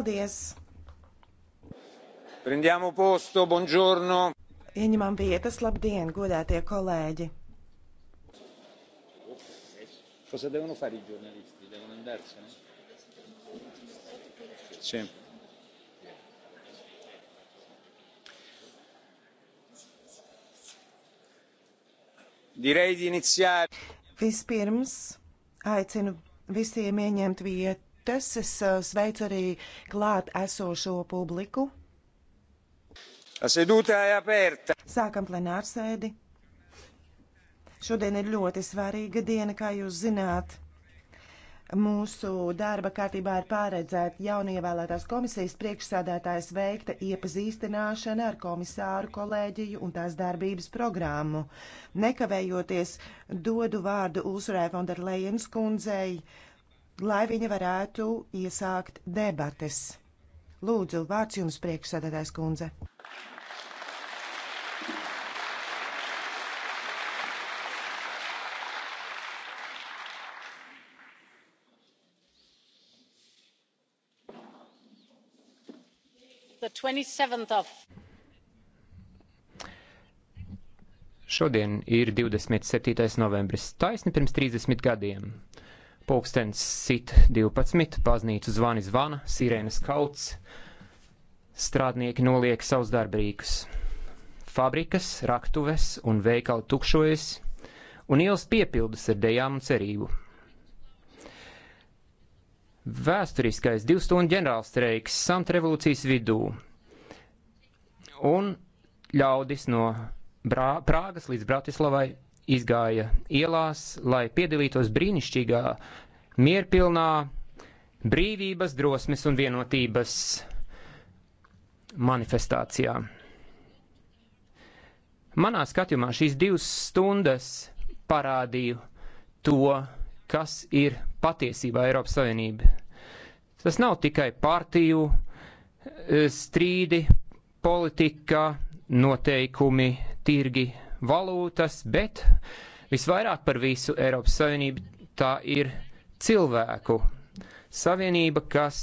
Paldies! Prendiamo posto, buongiorno! Ieņemam vietas, labdien, godātie kolēģi! Cosa devono fare i giornalisti? Devono andarsene? Sì. Direi di iniziare. Vispirms aicinu visiem ieņemt vietu. Tas es eh, sveicu arī klāt esošo publiku. Sākam plenārsēdi. Šodien ir ļoti svarīga diena, kā jūs zināt. Mūsu darba kārtībā ir pārredzēta jaunievēlētās komisijas priekšsādātājas veikta iepazīstināšana ar komisāru kolēģiju un tās darbības programmu. Nekavējoties dodu vārdu Ulsurai Fonderlejenas kundzei, lai viņa varētu iesākt debates. Lūdzu, vārds jums priekšsēdētājs kundze. Šodien ir 27. novembris, taisni pirms 30 gadiem. Pūkstens sit 12, baznīcu zvani zvana, sirēnas kauts, strādnieki noliek savus darbrīkus. Fabrikas, raktuves un veikali tukšojas, un ielas piepildas ar dejām un cerību. Vēsturiskais divu stundu ģenerālstreiks samt revolūcijas vidū, un ļaudis no Brā Prāgas līdz Bratislavai izgāja ielās, lai piedalītos brīnišķīgā, mierpilnā, brīvības, drosmes un vienotības manifestācijā. Manā skatījumā šīs divas stundas parādīju to, kas ir patiesībā Eiropas Savienība. Tas nav tikai partiju eh, strīdi, politika, noteikumi, tirgi valūtas, bet visvairāk par visu Eiropas Savienību tā ir cilvēku savienība, kas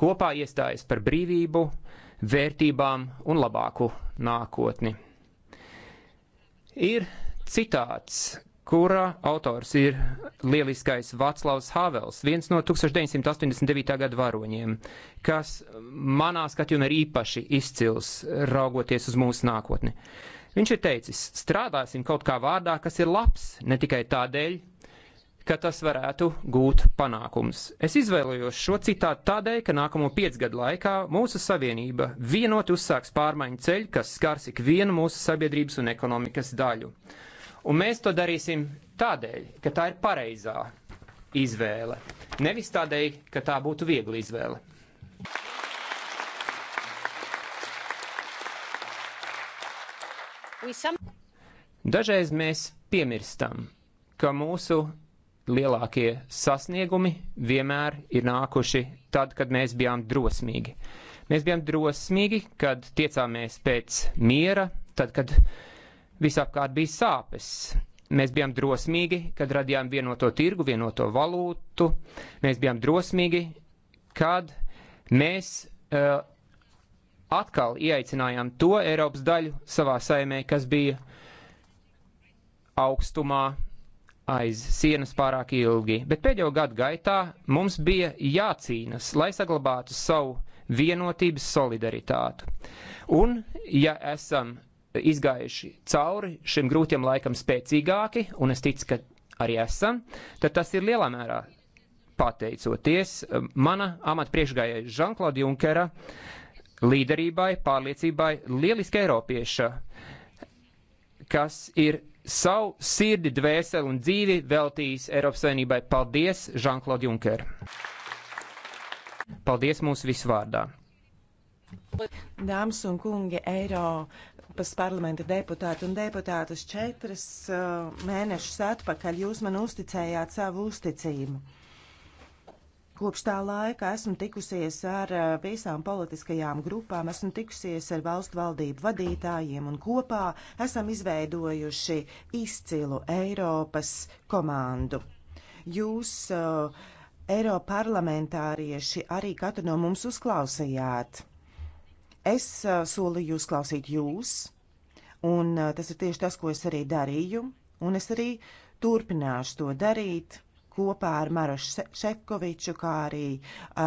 kopā iestājas par brīvību, vērtībām un labāku nākotni. Ir citāts, kura autors ir lieliskais Vaclavs Havels, viens no 1989. gada varoņiem, kas manā skatījumā ir īpaši izcils, raugoties uz mūsu nākotni. Viņš ir teicis, strādāsim kaut kā vārdā, kas ir labs, ne tikai tādēļ, ka tas varētu gūt panākums. Es izvēlējos šo citātu tādēļ, ka nākamo piecgadu laikā mūsu savienība vienoti uzsāks pārmaiņu ceļu, kas skars ikvienu mūsu sabiedrības un ekonomikas daļu. Un mēs to darīsim tādēļ, ka tā ir pareizā izvēle, nevis tādēļ, ka tā būtu viegla izvēle. Dažreiz mēs piemirstam, ka mūsu lielākie sasniegumi vienmēr ir nākuši tad, kad mēs bijām drosmīgi. Mēs bijām drosmīgi, kad tiecāmies pēc miera, tad, kad visapkārt bija sāpes. Mēs bijām drosmīgi, kad radījām vienoto tirgu, vienoto valūtu. Mēs bijām drosmīgi, kad mēs uh, atkal ieaicinājām to Eiropas daļu savā saimē, kas bija augstumā aiz sienas pārāk ilgi. Bet pēdējo gadu gaitā mums bija jācīnas, lai saglabātu savu vienotības solidaritātu. Un, ja esam izgājuši cauri šim grūtiem laikam spēcīgāki, un es ticu, ka arī esam, tad tas ir lielā mērā pateicoties eh, mana amata priekšgājēja Žanklauda Junkera uh, līderībai, pārliecībai, lieliski Eiropieša, kas ir savu sirdi, dvēseli un dzīvi veltījis Eiropas Savienībai. Paldies, Žanklod Junker! Paldies mūsu visvārdā! Dāmas un kungi, Eiropas parlamenta deputāti un deputātas četras uh, mēnešus atpakaļ jūs man uzticējāt savu uzticību. Kopš tā laika esmu tikusies ar eh, visām politiskajām grupām, esmu tikusies ar valstu valdību vadītājiem un kopā esam izveidojuši izcilu Eiropas komandu. Jūs, eh, Eiroparlamentārieši, arī katru no mums uzklausījāt. Es eh, solīju uzklausīt jūs, un tas ir tieši tas, ko es arī darīju, un es arī turpināšu to darīt kopā ar Marašu Šefkoviču, kā arī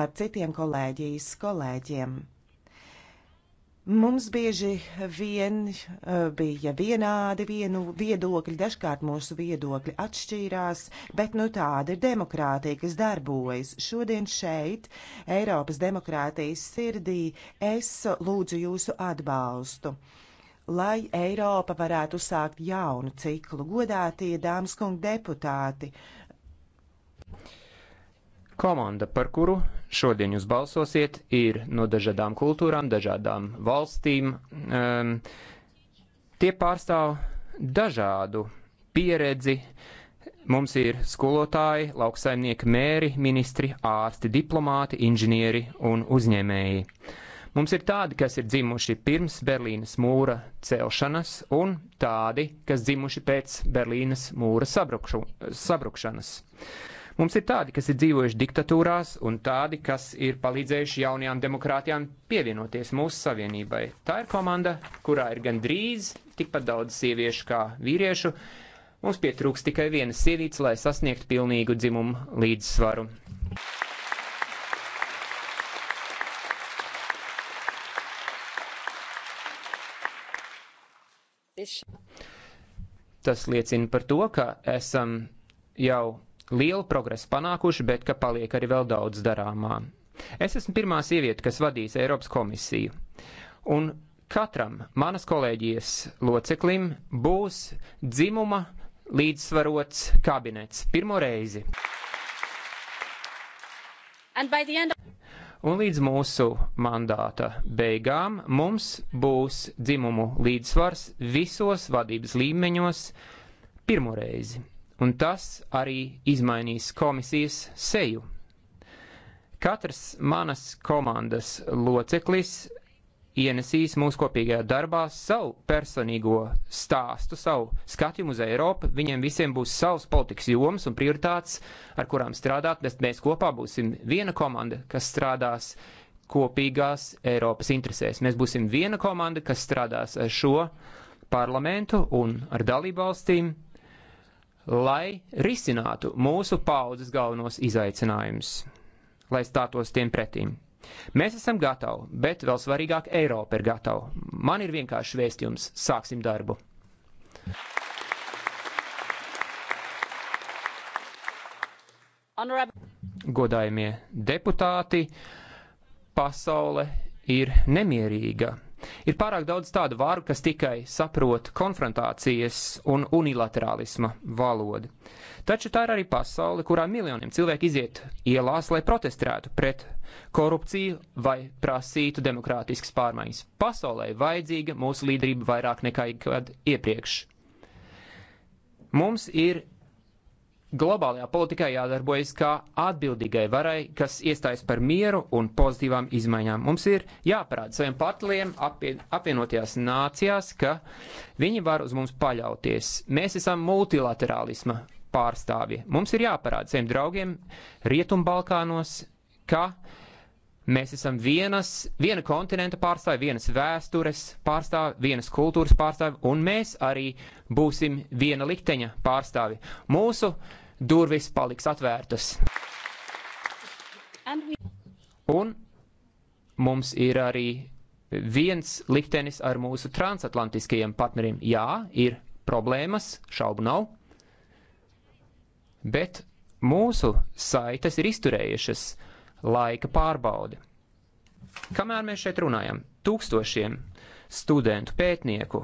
ar citiem kolēģijas kolēģiem. Mums bieži vien eh, bija vienādi vienu viedokļi, dažkārt mūsu viedokļi atšķīrās, bet nu tāda ir demokrātija, kas darbojas. Šodien šeit, Eiropas demokrātijas sirdī, es lūdzu jūsu atbalstu, lai Eiropa varētu sākt jaunu ciklu. Godātie dāmas kungi deputāti, Komanda, par kuru šodien jūs balsosiet, ir no dažādām kultūrām, dažādām valstīm. Um, tie pārstāv dažādu pieredzi. Mums ir skolotāji, lauksaimnieki, mēri, ministri, ārsti, diplomāti, inženieri un uzņēmēji. Mums ir tādi, kas ir dzimuši pirms Berlīnas mūra celšanas, un tādi, kas dzimuši pēc Berlīnas mūra sabrukšu, sabrukšanas. Mums ir tādi, kas ir dzīvojuši diktatūrās, un tādi, kas ir palīdzējuši jaunajām demokrātijām pievienoties mūsu savienībai. Tā ir komanda, kurā ir gandrīz tikpat daudz sieviešu kā vīriešu. Mums pietrūks tikai vienas sievietes, lai sasniegtu pilnīgu dzimumu līdzsvaru. Tas liecina par to, ka esam jau lielu progresu panākuši, bet ka paliek arī vēl daudz darāmā. Es esmu pirmā sieviete, kas vadīs Eiropas komisiju. Un katram manas kolēģijas loceklim būs dzimuma līdzsvarots kabinets pirmo reizi. Un līdz mūsu mandāta beigām mums būs dzimumu līdzsvars visos vadības līmeņos pirmo reizi un tas arī izmainīs komisijas seju. Katrs manas komandas loceklis ienesīs mūsu kopīgajā darbā savu personīgo stāstu, savu skatījumu uz Eiropu. Viņiem visiem būs savs politikas joms un prioritātes, ar kurām strādāt, bet mēs kopā būsim viena komanda, kas strādās kopīgās Eiropas interesēs. Mēs būsim viena komanda, kas strādās ar šo parlamentu un ar dalību valstīm lai risinātu mūsu paudzes galvenos izaicinājumus, lai stātos tiem pretīm. Mēs esam gatavi, bet vēl svarīgāk, Eiropa ir gatava. Man ir vienkārši vēstījums - sāksim darbu! Godājumie deputāti, pasaule ir nemierīga. Ir pārāk daudz tādu vāru, kas tikai saprot konfrontācijas un unilaterālisma valodu. Taču tā ir arī pasaule, kurā miljoniem cilvēku iziet ielās, lai protestētu pret korupciju vai prasītu demokrātiskas pārmaiņas. Pasaulē vajadzīga mūsu līderība vairāk nekā jebkad iepriekš. Mums ir globālajā politikā jādarbojas kā atbildīgai varai, kas iestājas par mieru un pozitīvām izmaiņām. Mums ir jāparāda saviem partneriem apvienotajās nācijās, ka viņi var uz mums paļauties. Mēs esam multilaterālisma pārstāvji. Mums ir jāparāda saviem draugiem Rietumbalkānos, ka mēs esam vienas, viena kontinenta pārstāvji, vienas vēstures pārstāvji, vienas kultūras pārstāvji, un mēs arī būsim viena likteņa pārstāvji. Mūsu uh, durvis paliks atvērtas. Un mums ir arī viens liktenis ar mūsu transatlantiskajiem partneriem. Jā, ir problēmas, šaubu nav, bet mūsu saites ir izturējušas laika pārbaudi. Kamēr mēs šeit runājam, tūkstošiem studentu, pētnieku,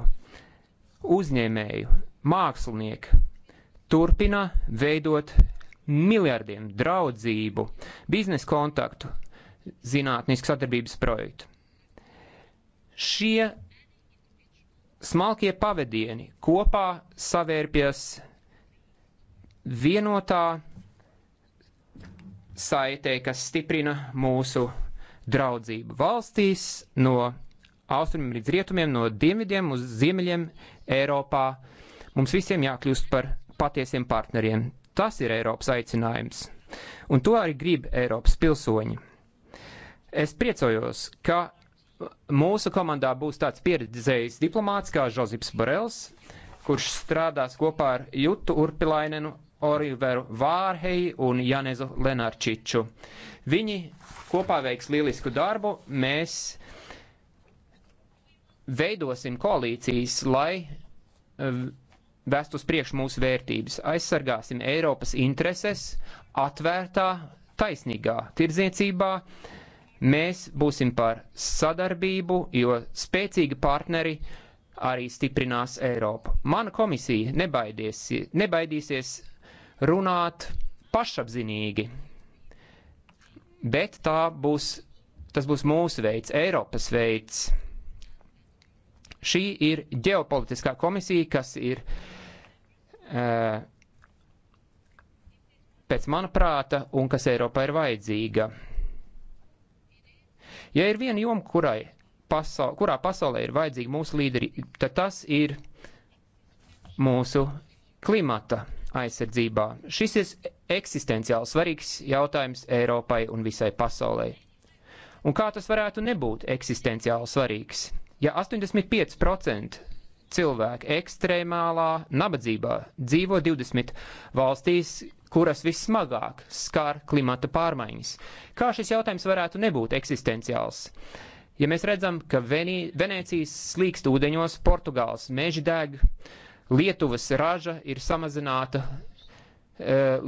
uzņēmēju, mākslinieku turpina veidot miljardiem draudzību, biznesa kontaktu, zinātnisku sadarbības projektu. Šie smalkie pavadieni kopā savērpjas vienotā saitē, kas stiprina mūsu draudzību valstīs no austrumiem līdz rietumiem, no dienvidiem uz ziemeļiem Eiropā. Mums visiem jākļūst par patiesiem partneriem. Tas ir Eiropas aicinājums. Un to arī grib Eiropas pilsoņi. Es priecājos, ka mūsu komandā būs tāds pieredzējis diplomāts kā Žozips Borels, kurš strādās kopā ar Jutu Urpilainenu, Oliveru Vārheju un Janezu Lenarčiču. Viņi kopā veiks lielisku darbu, mēs veidosim koalīcijas, lai eh, vest uz priekšu mūsu vērtības. Aizsargāsim Eiropas intereses atvērtā, taisnīgā tirdzniecībā. Mēs būsim par sadarbību, jo spēcīgi partneri arī stiprinās Eiropu. Mana komisija nebaidies, nebaidīsies runāt pašapzinīgi, bet tā būs, tas būs mūsu veids, Eiropas veids. Šī ir ģeopolitiskā komisija, kas ir uh, Eh, pēc mana prāta un kas Eiropā ir vajadzīga. Ja ir viena joma, kurai pasaul, kurā pasaulē ir vajadzīgi mūsu līderi, tad tas ir mūsu klimata aizsardzībā. Šis ir eksistenciāli svarīgs jautājums Eiropai un visai pasaulē. Un kā tas varētu nebūt eksistenciāli svarīgs? Ja 85% cilvēki ekstrēmālā nabadzībā dzīvo 20 valstīs, kuras vissmagāk skar klimata pārmaiņas. Kā šis jautājums varētu nebūt eksistenciāls? Ja mēs redzam, ka Venī, Venēcijas slīkst ūdeņos, Portugāls meži deg, Lietuvas raža ir samazināta e,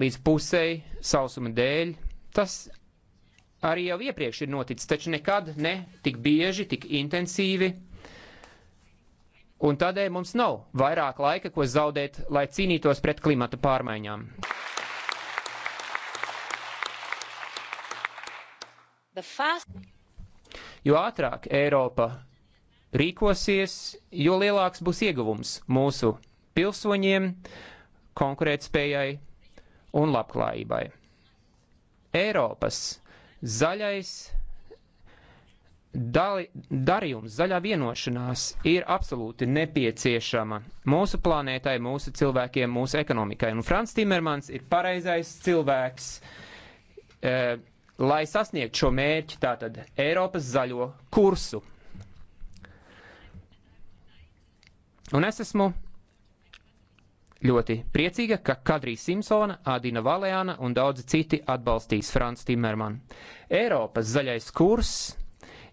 līdz pusei sausuma dēļ, tas arī jau iepriekš ir noticis, taču nekad ne tik bieži, tik intensīvi Un tādēļ mums nav vairāk laika, ko zaudēt, lai cīnītos pret klimata pārmaiņām. Fast... Jo ātrāk Eiropa rīkosies, jo lielāks būs ieguvums mūsu pilsoņiem, konkurētspējai un labklājībai. Eiropas zaļais Dali, darījums, zaļā vienošanās ir absolūti nepieciešama mūsu planētai, mūsu cilvēkiem, mūsu ekonomikai. Un Frans Timermans ir pareizais cilvēks, e, lai sasniegtu šo mērķi, tātad Eiropas zaļo kursu. Un es esmu ļoti priecīga, ka Kadrija Simpsona, Adina Valēna un daudzi citi atbalstīs Frans Timermanu. Eiropas zaļais kurss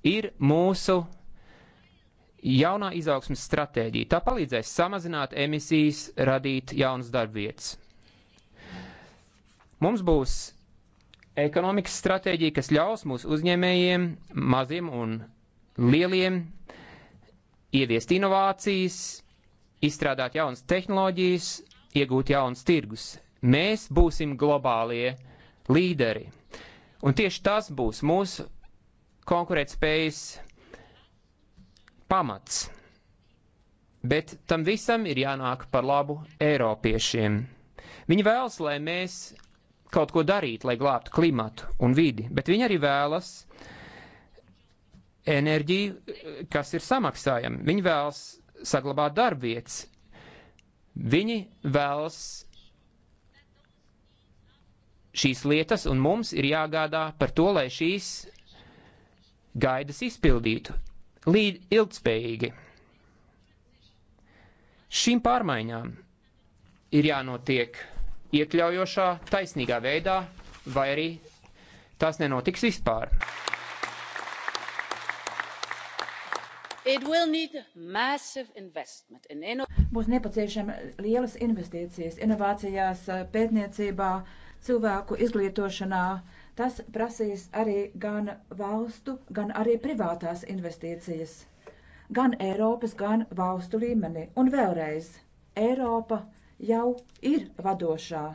ir mūsu jaunā izaugsmas stratēģija. Tā palīdzēs samazināt emisijas, radīt jaunas darbvietas. Mums būs ekonomikas stratēģija, kas ļaus mūsu uzņēmējiem, maziem un lieliem, ieviest inovācijas, izstrādāt jaunas tehnoloģijas, iegūt jaunas tirgus. Mēs būsim globālie līderi. Un tieši tas būs mūsu konkurētspējas pamats. Bet tam visam ir jānāk par labu Eiropiešiem. Viņi vēlas, lai mēs kaut ko darītu, lai glābtu klimatu un vidi, bet viņi arī vēlas enerģiju, kas ir samaksājama. Viņi vēlas saglabāt darbvietas. Viņi vēlas šīs lietas, un mums ir jāgādā par to, lai šīs gaidas izpildītu līdz ilgspējīgi. Šīm pārmaiņām ir jānotiek iekļaujošā, taisnīgā veidā, vai arī tas nenotiks vispār. In... Būs nepieciešama lielas investīcijas inovācijās, pētniecībā, cilvēku izglītošanā, uh, Tas prasīs arī gan valstu, gan arī privātās investīcijas, gan Eiropas, gan valstu līmenī. Un vēlreiz, Eiropa jau ir vadošā.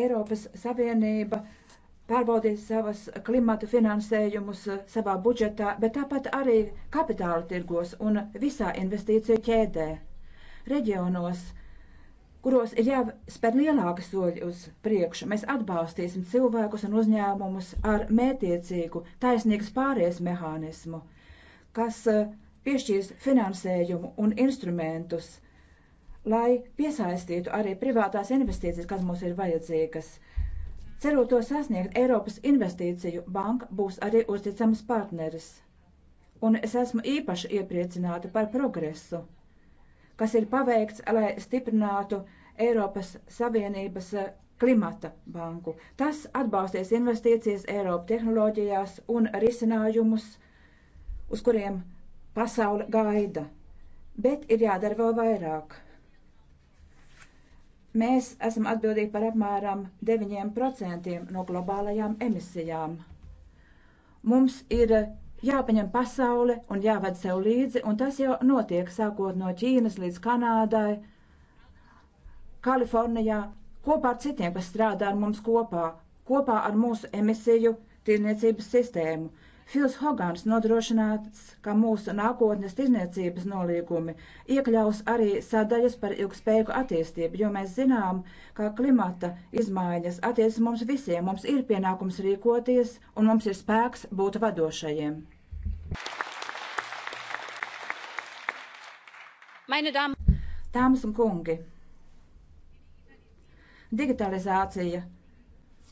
Eiropas Savienība pārbaudīs savas klimata finansējumus eh, savā budžetā, bet tāpat arī kapitāla tirgos un visā investīciju ķēdē. Reģionos kuros ir jāspēr lielāki soļi uz priekšu. Mēs atbalstīsim cilvēkus un uzņēmumus ar mētiecīgu, taisnīgas pārējais mehānismu, kas eh, piešķīs finansējumu un instrumentus, lai piesaistītu arī privātās investīcijas, kas mums ir vajadzīgas. Cerot to sasniegt, Eiropas investīciju banka būs arī uzticams partneris. Un es esmu īpaši iepriecināta par progresu kas ir paveikts, lai stiprinātu Eiropas Savienības eh, klimata banku. Tas atbalstīs investīcijas Eiropa tehnoloģijās un risinājumus, uz kuriem pasaule gaida. Bet ir jādara vēl vairāk. Mēs esam atbildīgi par apmēram 9% no globālajām emisijām. Mums ir jāpaņem pasaule un jāved sev līdzi, un tas jau notiek sākot no Ķīnas līdz Kanādai, Kalifornijā, kopā ar citiem, kas strādā ar mums kopā, kopā ar mūsu emisiju tirniecības sistēmu. Fils Hogans nodrošināts, ka mūsu nākotnes tirzniecības nolīgumi iekļaus arī sadaļas par ilgspējīgu attīstību, jo mēs zinām, ka klimata izmaiņas attiecas mums visiem, mums ir pienākums rīkoties un mums ir spēks būt vadošajiem. Dāmas un kungi, digitalizācija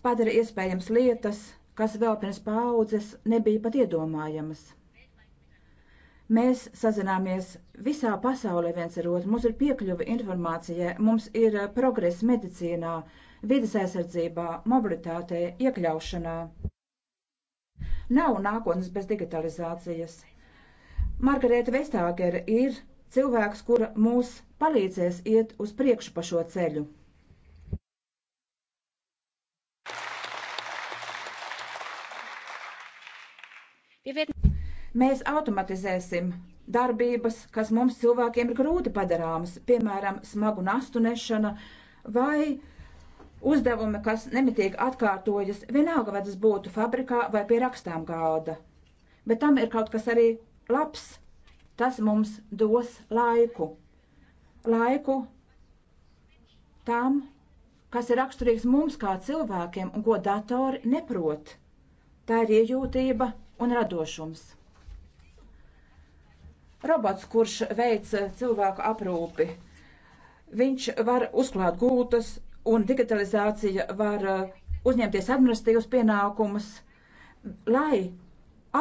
padara iespējams lietas, kas vēl pirms paudzes nebija pat iedomājamas. Mēs sazināmies visā pasaulē viens ar otru, mums ir piekļuva informācijai, mums ir eh, progress medicīnā, vidas aizsardzībā, mobilitātē, iekļaušanā. Nav nākotnes bez digitalizācijas. Margarēta Vestāgere ir cilvēks, kura mūs palīdzēs iet uz priekšu pa šo ceļu. Mēs automatizēsim darbības, kas mums cilvēkiem ir grūti padarāmas, piemēram, smagu nastu nešana vai uzdevumi, kas nemitīgi atkārtojas, vienalga, vai tas būtu fabrikā vai pie rakstām galda. Bet tam ir kaut kas arī labs. Tas mums dos laiku. Laiku tam, kas ir raksturīgs mums kā cilvēkiem un ko datori neprot. Tā ir iejūtība un radošums. Robots, kurš veic cilvēku aprūpi, viņš var uzklāt gūtas, un digitalizācija var uh, uzņemties administratīvas pienākumus, lai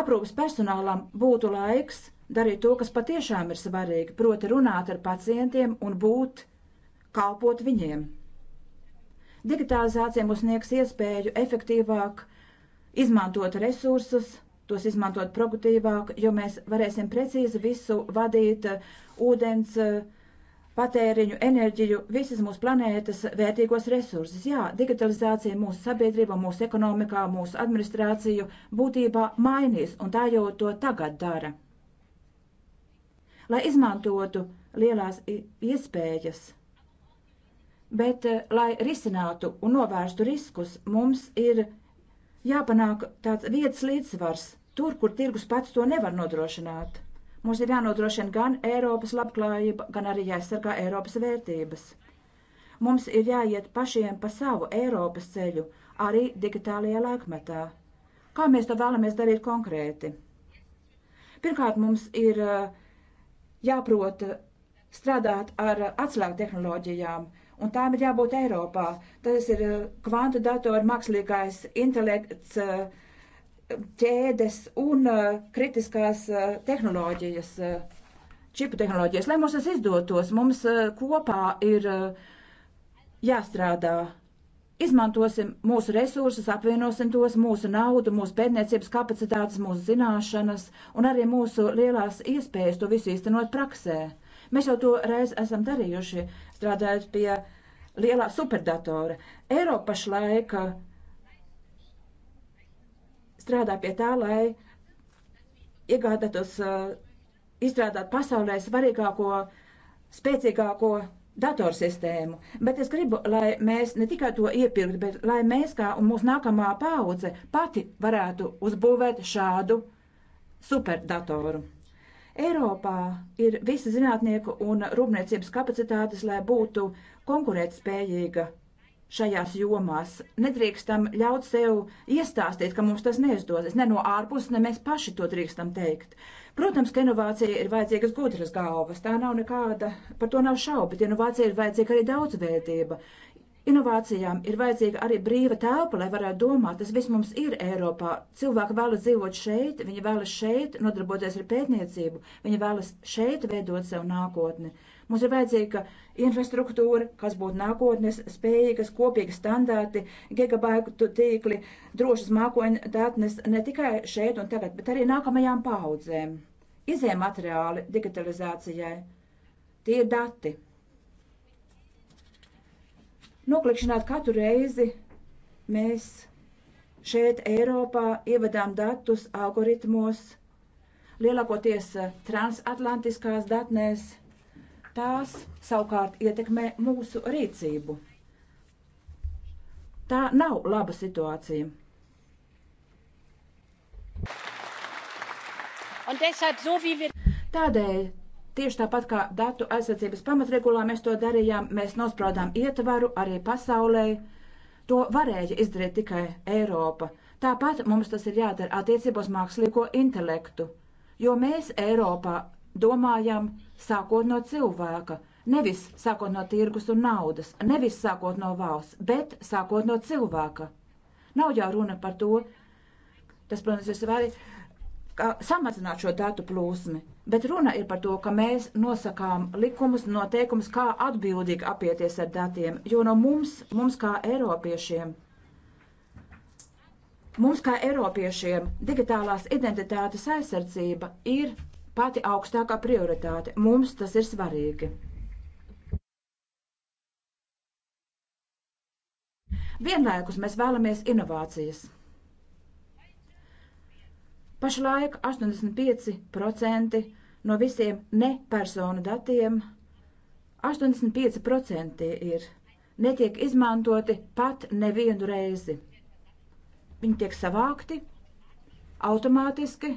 aprūpas personālam būtu laiks darīt to, kas patiešām ir svarīgi, proti runāt ar pacientiem un būt, kalpot viņiem. Digitalizācija mums sniegs iespēju efektīvāk izmantot resursus, tos izmantot produktīvāk, jo mēs varēsim precīzi visu vadīt ūdens patēriņu, enerģiju, visas mūsu planētas vērtīgos resursus. Jā, digitalizācija mūsu sabiedrībā, mūsu ekonomikā, mūsu administrāciju būtībā mainīs, un tā jau to tagad dara. Lai izmantotu lielās iespējas, bet eh, lai risinātu un novērstu riskus, mums ir jāizmanto jāpanāk tāds vietas līdzsvars tur, kur tirgus pats to nevar nodrošināt. Mums ir jānodrošina gan Eiropas labklājība, gan arī jāaizsargā Eiropas vērtības. Mums ir jāiet pašiem pa savu Eiropas ceļu, arī digitālajā laikmetā. Kā mēs to vēlamies darīt konkrēti? Pirmkārt, mums ir eh, jāprot eh, strādāt ar eh, atslēgu tehnoloģijām, un tām ir jābūt Eiropā. Tas ir eh, kvantu datori, mākslīgais intelekts, eh, ķēdes un eh, kritiskās tehnoloģijas, čipu tehnoloģijas. Lai mums tas izdotos, mums kopā ir jāstrādā. Izmantosim mūsu resursus, apvienosim tos, mūsu naudu, mūsu pētniecības kapacitātes, mūsu zināšanas un arī mūsu lielās iespējas to visu īstenot praksē. Mēs jau to reiz esam darījuši, strādājot pie lielā superdatora. Eiropa pašlaik uh, strādā pie tā, lai iegādātos uh, izstrādāt pasaulē svarīgāko, spēcīgāko datorsistēmu. Bet es gribu, lai mēs ne tikai to iepirkt, bet lai mēs kā un mūsu nākamā paudze pati varētu uzbūvēt šādu superdatoru. Eiropā ir visi zinātnieku un rūpniecības kapacitātes, lai būtu konkurētspējīga šajās jomās. Nedrīkstam ļaut sev iestāstīt, ka mums tas neizdosies. Ne no ārpuses, ne mēs paši to drīkstam teikt. Protams, ka inovācija ir vajadzīgas gudras galvas. Tā nav nekāda, par to nav šaubu, bet inovācija ir vajadzīga arī daudzveidība. Inovācijām ir vajadzīga arī brīva telpa, lai varētu domāt, tas viss mums ir Eiropā. Cilvēki vēlas dzīvot šeit, viņi vēlas šeit nodarboties ar pētniecību, viņi vēlas šeit veidot savu nākotni. Mums ir vajadzīga infrastruktūra, kas būtu nākotnes spējīgas, kopīgi standarti, gigabaitu tīkli, drošas mākoņu datnes ne tikai šeit un tagad, bet arī nākamajām paudzēm. Izējai materiāli digitalizācijai. Tie ir dati noklikšķināt katru reizi mēs šeit Eiropā ievadām datus algoritmos, lielākoties eh, transatlantiskās datnēs, tās savukārt ietekmē mūsu rīcību. Tā nav laba situācija. Tādēļ Tieši tāpat kā datu aizsardzības pamatregulā mēs to darījām, mēs nospraudām ietvaru arī pasaulē. To varēja izdarīt tikai Eiropa. Tāpat mums tas ir jādara attiecībos mākslīgo intelektu, jo mēs Eiropā domājam sākot no cilvēka, nevis sākot no tirgus un naudas, nevis sākot no valsts, bet sākot no cilvēka. Nav jau runa par to, tas, protams, ir svarīgi, samazināt šo datu plūsmu, Bet runa ir par to, ka mēs nosakām likumus, noteikumus, kā atbildīgi apieties ar datiem, jo no mums, mums kā Eiropiešiem, mums kā Eiropiešiem digitālās identitātes aizsardzība ir pati augstākā prioritāte. Mums tas ir svarīgi. Vienlaikus mēs vēlamies inovācijas. Pašlaik 85% no visiem nepersonu datiem 85% ir netiek izmantoti pat nevienu reizi. Viņi tiek savākti automātiski,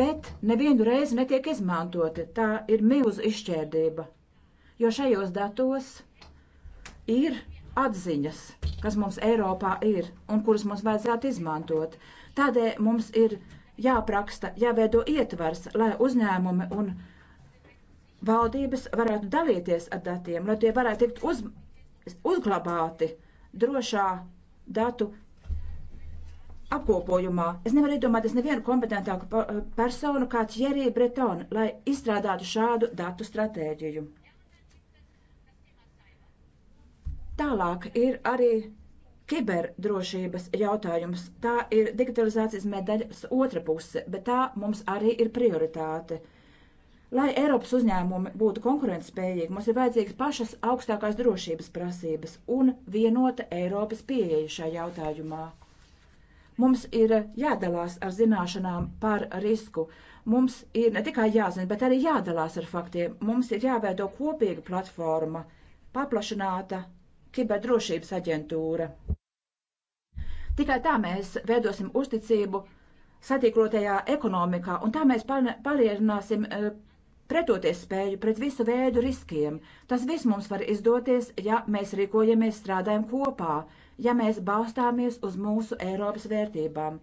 bet nevienu reizi netiek izmantoti. Tā ir milzu izšķērdība, jo šajos datos ir atziņas, kas mums Eiropā ir un kuras mums vajadzētu izmantot. Tādēļ mums ir jāapraksta, jāveido ietvars, lai uzņēmumi un valdības varētu dalīties ar datiem, lai tie varētu tikt uz, uzglabāti drošā datu apkopojumā. Es nevaru iedomāties nevienu kompetentāku eh, personu kā Thierry Breton, lai izstrādātu šādu datu stratēģiju. Tālāk ir arī Kiberdrošības jautājums tā ir digitalizācijas medaļas otra puse, bet tā mums arī ir prioritāte. Lai Eiropas uzņēmumi būtu konkurētspējīgi, mums ir vajadzīgas pašas augstākās drošības prasības un vienota Eiropas pieeja šajā jautājumā. Mums ir jādalās ar zināšanām par risku. Mums ir ne tikai jāzina, bet arī jādalās ar faktiem. Mums ir jāveido kopīga platforma, paplašināta kiberdrošības aģentūra. Tikai tā mēs veidosim uzticību satīklotajā ekonomikā, un tā mēs palielināsim e, pretoties spēju pret visu veidu riskiem. Tas viss mums var izdoties, ja mēs rīkojamies, strādājam kopā, ja mēs balstāmies uz mūsu Eiropas vērtībām.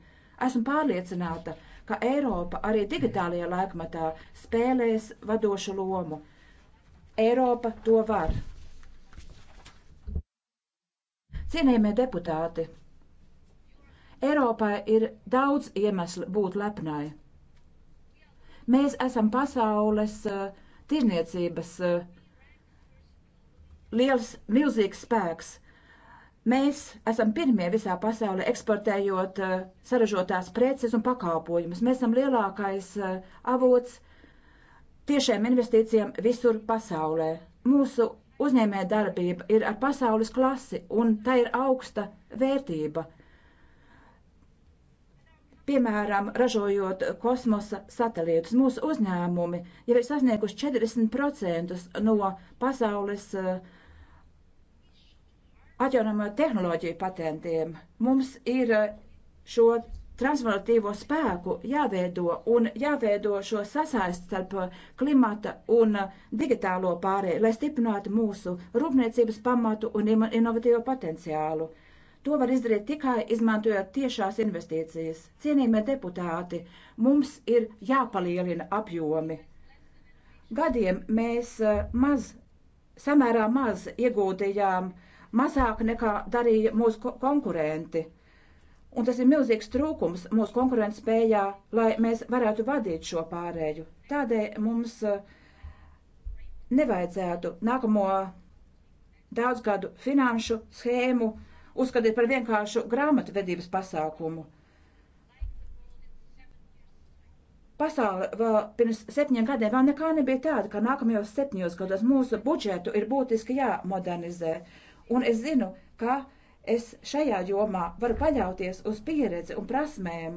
Esmu pārliecināta, ka Eiropa arī digitālajā laikmatā spēlēs vadošu lomu. Eiropa to var. Cienījamie deputāti, Eiropai ir daudz iemeslu būt lepnai. Mēs esam pasaules uh, tirniecības uh, liels, milzīgs spēks. Mēs esam pirmie visā pasaulē eksportējot uh, saražotās preces un pakāpojumus. Mēs esam lielākais uh, avots tiešiem investīcijiem visur pasaulē. Mūsu uzņēmē darbība ir ar pasaules klasi un tā ir augsta vērtība. Piemēram, ražojot kosmosa satelītus, mūsu uzņēmumi jau ir sasnieguši 40% no pasaules eh, atjaunamo tehnoloģiju patentiem. Mums ir eh, šo transformatīvo spēku jāveido un jāveido šo sasaist starp klimata un digitālo pārēju, lai stiprinātu mūsu rūpniecības pamatu un inovatīvo potenciālu. To var izdarīt tikai izmantojot tiešās investīcijas. Cienījamie deputāti, mums ir jāpalielina apjomi. Gadiem mēs eh, maz, samērā maz iegūtījām, mazāk nekā darīja mūsu konkurenti. Un tas ir milzīgs trūkums mūsu konkurences spējā, lai mēs varētu vadīt šo pārēju. Tādēļ mums eh, nevajadzētu nākamo daudzgadu finanšu schēmu uzskatīt par vienkāršu grāmatvedības pasākumu. Pasaule vēl pirms septiņiem gadiem vēl nekā nebija tāda, ka nākamajos septiņos gados mūsu budžetu ir būtiski jāmodernizē. Un es zinu, ka uh, es šajā jomā varu paļauties uz pieredzi un prasmēm,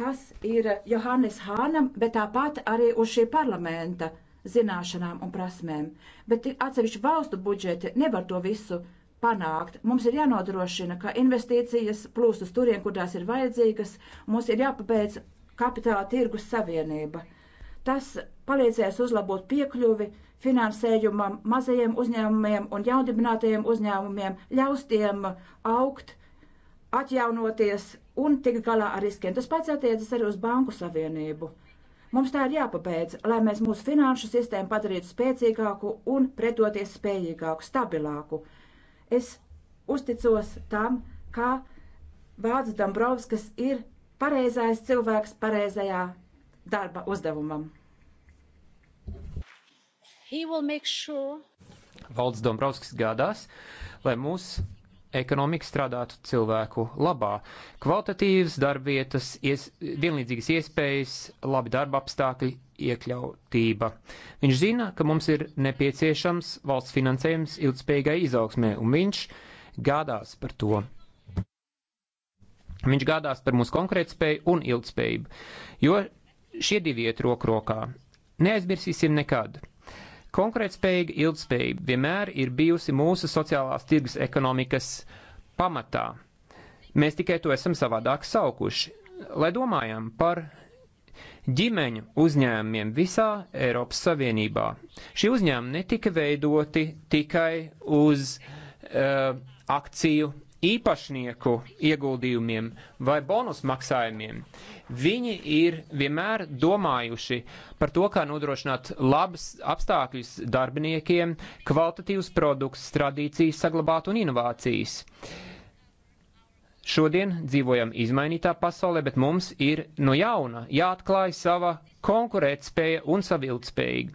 kas ir Johannes Hānam, bet tāpat arī uz šī parlamenta zināšanām un prasmēm. Bet atsevišķu valstu budžeti nevar to visu panākt. Mums ir jānodrošina, ka investīcijas plūst uz turien, kur tās ir vajadzīgas. Mums ir jāpabeidz kapitāla tirgus savienība. Uh, Tas palīdzēs uzlabot piekļuvi finansējumam mazajiem uzņēmumiem un jaundibinātajiem uzņēmumiem, ļaus tiem augt, atjaunoties un tikt galā ar riskiem. Tas pats attiecas arī uz banku savienību. Mums tā ir jāpabeidz, lai mēs mūsu finanšu sistēmu padarītu spēcīgāku un pretoties spējīgāku, stabilāku. Es uzticos tam, kā Vācis Dombrovskis ir pareizais cilvēks pareizajā darba uzdevumam. Sure... Valds Dombrovskis gādās, lai mūsu ekonomika strādātu cilvēku labā. Kvalitatīvas darbvietas, ies, vienlīdzīgas iespējas, labi darba apstākļi, iekļautība. Viņš zina, ka mums ir nepieciešams valsts finansējums ilgspējīgai izaugsmē, un viņš gādās par to. Viņš gādās par mūsu konkrētspēju un ilgspējību, jo Šie divi iet roku rokā. Neaizmirsīsim nekad. Konkurētspējīga ilgspējība vienmēr ir bijusi mūsu sociālās tirgus ekonomikas pamatā. Mēs tikai to esam savādāk saukuši. Lai domājam par ģimeņu uzņēmumiem visā Eiropas Savienībā. Šie uzņēmumi netika veidoti tikai uz uh, akciju īpašnieku ieguldījumiem vai bonus maksājumiem, viņi ir vienmēr domājuši par to, kā nodrošināt labas apstākļus darbiniekiem, kvalitatīvus produktus, tradīcijas saglabāt un inovācijas. Šodien dzīvojam izmainītā pasaulē, bet mums ir no jauna jāatklāj sava konkurētspēja un savilgtspējīga.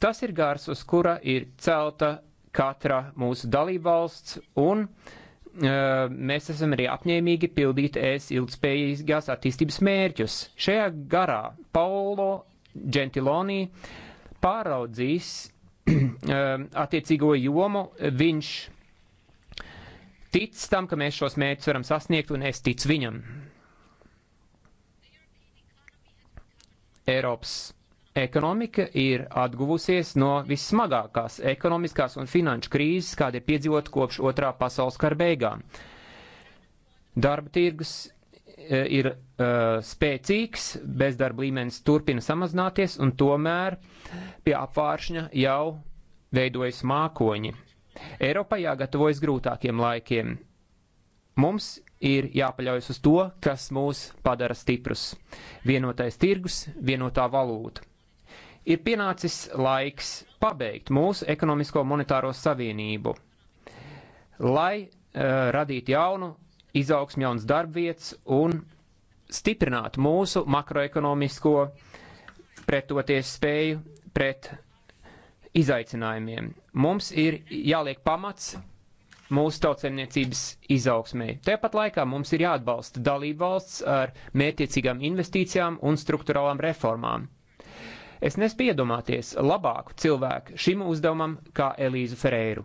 Tas ir gars, uz kura ir celta katra mūsu dalībvalsts un e, mēs esam arī apņēmīgi pildīt es ilgspējīgās attīstības mērķus. Šajā garā Paulo Gentiloni pāraudzīs e, attiecīgo jomu, viņš tic tam, ka mēs šos mērķus varam sasniegt, un es ticu viņam. Eiropas Ekonomika ir atguvusies no vissmagākās ekonomiskās un finanšu krīzes, kāda ir piedzīvota kopš otrā pasaules kara beigām. Darba tirgus e, ir uh, spēcīgs, bezdarba līmenis turpina samazināties, un tomēr pie apvāršņa jau veidojas mākoņi. Eiropai jāgatavojas grūtākiem laikiem. Mums ir jāpaļaujas uz to, kas mūs padara stiprus - vienotais tirgus, vienotā valūta. Ir pienācis laiks pabeigt mūsu ekonomisko monetāro savienību, lai uh, radītu jaunu izaugsmu, jaunas darbvietas un stiprinātu mūsu makroekonomisko pretoties spēju pret izaicinājumiem. Mums ir jāliek pamats mūsu tautsēmniecības izaugsmē. Tāpat laikā mums ir jāatbalsta dalību valsts ar mērķiecīgām investīcijām un struktūrālām reformām. Es nespēju iedomāties labāku cilvēku šim uzdevumam kā Elīzu Ferēru.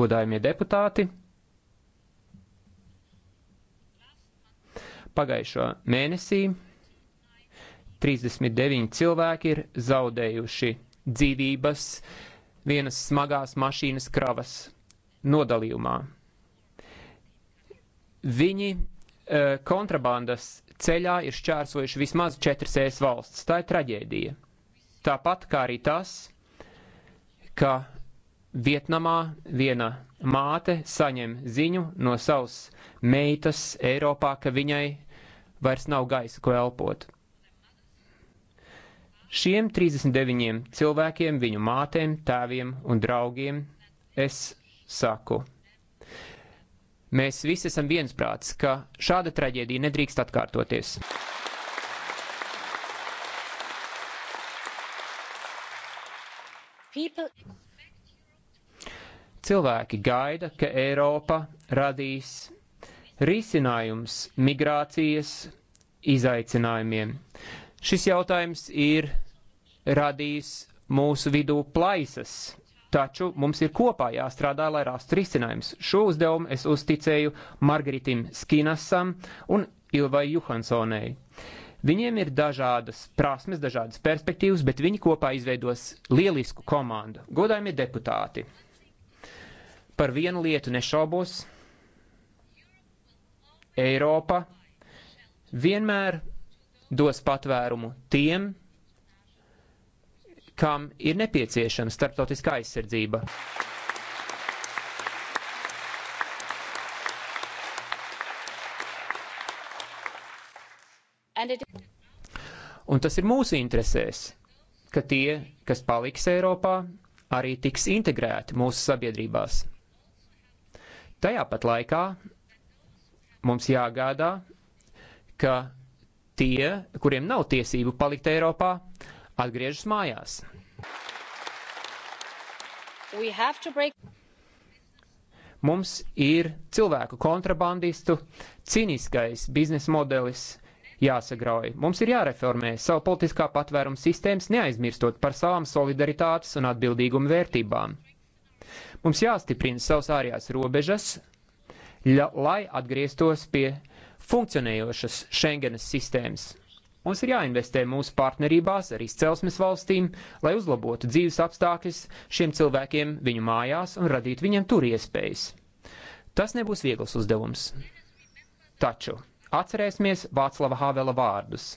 Godājumie deputāti, pagājušo mēnesī 39 cilvēki ir zaudējuši dzīvības vienas smagās mašīnas kravas nodalījumā. Viņi eh, kontrabandas ceļā ir šķērsojuši vismaz četras ES valsts. Tā ir traģēdija. Tāpat kā arī tas, ka Vietnamā viena māte saņem ziņu no savas meitas Eiropā, ka viņai vairs nav gaisa, ko elpot. Šiem 39 cilvēkiem, viņu mātēm, tēviem un draugiem es saku. Mēs visi esam viensprāts, ka šāda traģēdija nedrīkst atkārtoties. People... Cilvēki gaida, ka Eiropa radīs risinājums migrācijas izaicinājumiem. Šis jautājums ir radījis mūsu vidū plaisas Taču mums ir kopā jāstrādā, lai rastu risinājums. Šo uzdevumu es uzticēju Margaritim Skinasam un Ilvai Juhansonei. Viņiem ir dažādas prasmes, dažādas perspektīvas, bet viņi kopā izveidos lielisku komandu. Godājumie deputāti! Par vienu lietu nešaubos. Eiropa vienmēr dos patvērumu tiem, kam ir nepieciešama starptautiskā aizsardzība. Un tas ir mūsu interesēs, ka tie, kas paliks Eiropā, arī tiks integrēti mūsu sabiedrībās. Tajā pat laikā mums jāgādā, ka tie, kuriem nav tiesību palikt Eiropā, atgriežas mājās. Break... Mums ir cilvēku kontrabandistu ciniskais biznesa modelis jāsagrauj. Mums ir jāreformē savu politiskā patvērumu sistēmas, neaizmirstot par savām solidaritātes un atbildīgumu vērtībām. Mums jāstiprina savas ārējās robežas, lai atgrieztos pie funkcionējošas Schengenas sistēmas. Mums ir jāinvestē mūsu partnerībās ar izcelsmes valstīm, lai uzlabotu dzīves apstākļus šiem cilvēkiem viņu mājās un radītu viņiem tur iespējas. Tas nebūs viegls uzdevums. Taču atcerēsimies Vāclava Havela vārdus.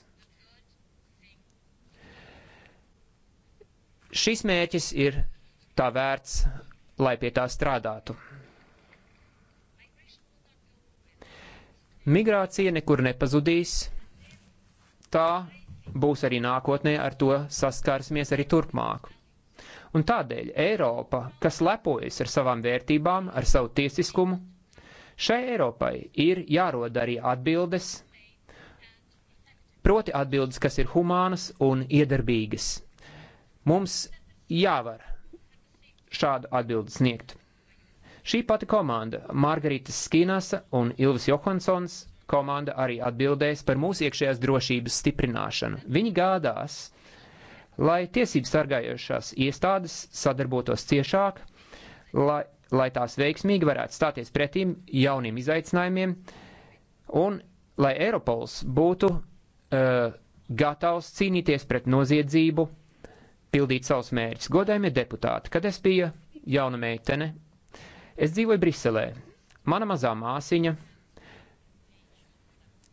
Šis mērķis ir tā vērts, lai pie tā strādātu. Migrācija nekur nepazudīs, Tā būs arī nākotnē, ar to saskarsimies arī turpmāk. Un tādēļ Eiropa, kas lepojas ar savām vērtībām, ar savu tiesiskumu, šai Eiropai ir jārod arī atbildes, proti atbildes, kas ir humānas un iedarbīgas. Mums jāvar šādu atbildi sniegt. Šī pati komanda, Margaritas Skīnasa un Ilvis Johansons, komanda arī atbildēs par mūsu iekšējās drošības stiprināšanu. Viņi gādās, lai tiesību sargājošās iestādes sadarbotos ciešāk, lai, lai tās veiksmīgi varētu stāties pretīm jauniem izaicinājumiem un lai Eiropols būtu uh, gatavs cīnīties pret noziedzību, pildīt savus mērķus. Godējumie deputāti, kad es biju jauna meitene, es dzīvoju Briselē. Mana mazā māsiņa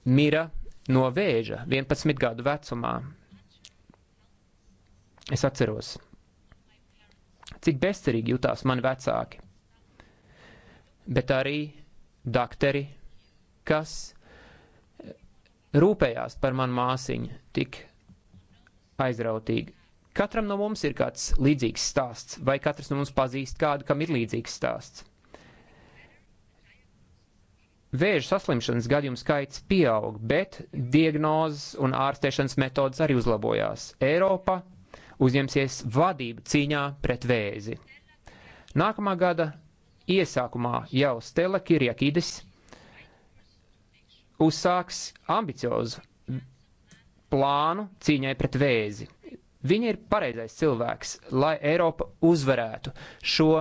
mira no vēža 11 gadu vecumā. Es atceros, cik bezcerīgi jutās mani vecāki, bet arī dakteri, kas eh, rūpējās par manu māsiņu tik aizrautīgi. Katram no mums ir kāds līdzīgs stāsts, vai katrs no mums pazīst kādu, kam ir līdzīgs stāsts. Vēža saslimšanas gadījumu skaits pieaug, bet diagnozes un ārstēšanas metodas arī uzlabojās. Eiropa uzņemsies vadību cīņā pret vēzi. Nākamā gada iesākumā jau Stela Kirjakīdis uzsāks ambiciozu plānu cīņai pret vēzi. Viņa ir pareizais cilvēks, lai Eiropa uzvarētu šo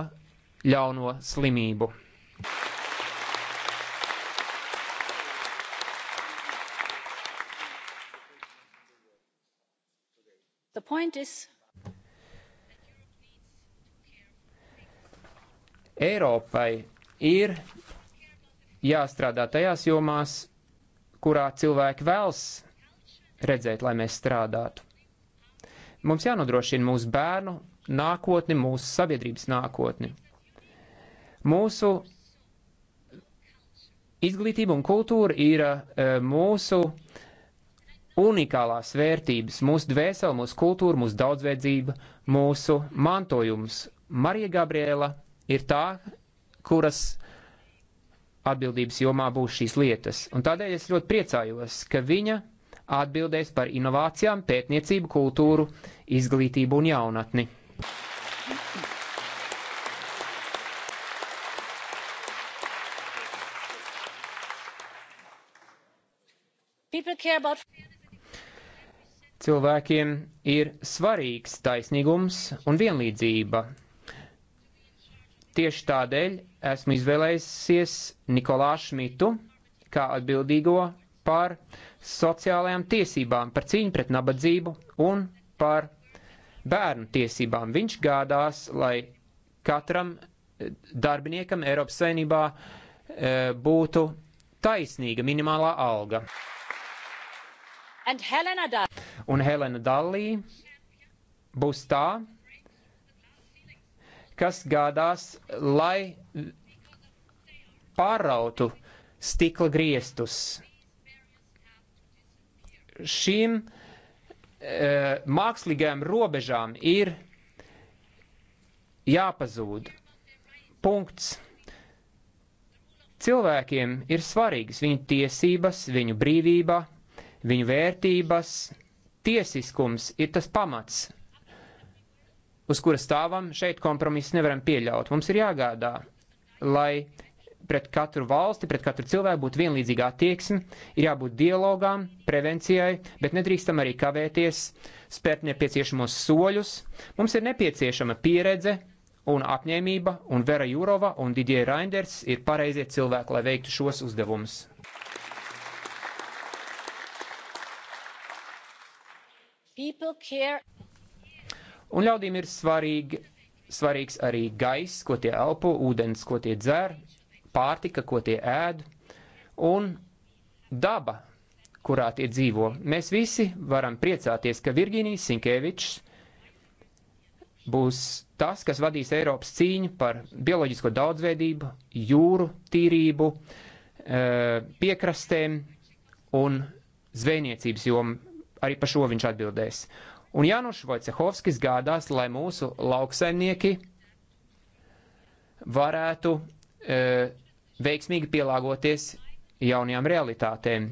ļauno slimību. Thank you. the point is. Eiropai ir jāstrādā tajās jomās, kurā cilvēki vēlas redzēt, lai mēs strādātu. Mums jānodrošina mūsu bērnu nākotni, mūsu sabiedrības nākotni. Mūsu izglītība un kultūra ir eh, mūsu uh, unikālās vērtības, mūsu dvēseli, mūsu kultūru, mūsu daudzveidzību, mūsu mantojums. Marija Gabriela ir tā, kuras atbildības jomā būs šīs lietas. Un tādēļ es ļoti priecājos, ka viņa atbildēs par inovācijām, pētniecību, kultūru, izglītību un jaunatni. People care about cilvēkiem ir svarīgs taisnīgums un vienlīdzība. Tieši tādēļ esmu izvēlējusies Nikolā Šmitu kā atbildīgo par sociālajām tiesībām, par cīņu pret nabadzību un par bērnu tiesībām. Viņš gādās, lai katram eh, darbiniekam Eiropas Savienībā eh, būtu taisnīga minimālā alga. Un Helena Dallī būs tā, kas gādās, lai pārautu stikla griestus. Šīm e, mākslīgajām robežām ir jāpazūd. Punkts. Cilvēkiem ir svarīgas viņu tiesības, viņu brīvība, viņu vērtības, tiesiskums ir tas pamats, uz kura stāvam. Šeit kompromisu nevaram pieļaut. Mums ir jāgādā, lai pret katru valsti, pret katru cilvēku būtu vienlīdzīga attieksme, ir jābūt dialogām, prevencijai, bet nedrīkstam arī kavēties, spērt nepieciešamos soļus. Mums ir nepieciešama pieredze un apņēmība, un Vera Jurova un Didija Reinders ir pareizie cilvēki, lai veiktu šos uzdevumus. Un ļaudīm ir svarīgi, svarīgs arī gaiss, ko tie elpo, ūdens, ko tie dzer, pārtika, ko tie ēd, un daba, kurā tie dzīvo. Mēs visi varam priecāties, ka Virģīnijas Sinkevičs būs tas, kas vadīs Eiropas cīņu par bioloģisko daudzveidību, jūru tīrību, eh, piekrastēm un zvejniecības jomu arī par šo viņš atbildēs. Un Jānis Vojcehovskis gādās, lai mūsu lauksaimnieki varētu e, veiksmīgi pielāgoties jaunajām realitātēm.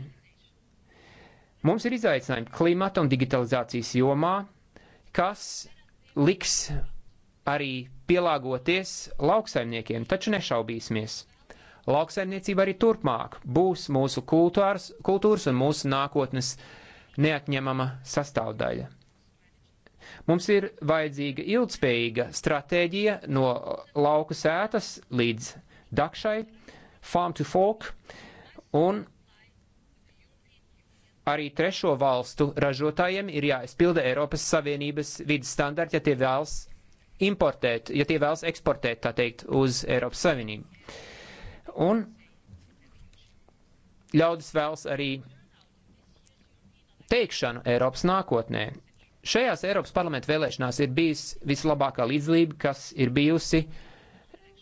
Mums ir izaicinājumi klimata un digitalizācijas jomā, kas liks arī pielāgoties lauksaimniekiem, taču nešaubīsimies. Lauksaimniecība arī turpmāk būs mūsu kultūras, kultūras un mūsu nākotnes uh, neatņemama sastāvdaļa. Mums ir vajadzīga ilgspējīga stratēģija no lauku sētas līdz dakšai, farm to fork, un arī trešo valstu ražotājiem ir jāizpilda Eiropas Savienības vidas standarti, ja tie vēlas importēt, ja tie vēlas eksportēt, tā teikt, uz Eiropas Savienību. Un ļaudis vēlas arī teikšanu Eiropas nākotnē. Šajās Eiropas parlamenta vēlēšanās ir bijis vislabākā līdzlība, kas ir bijusi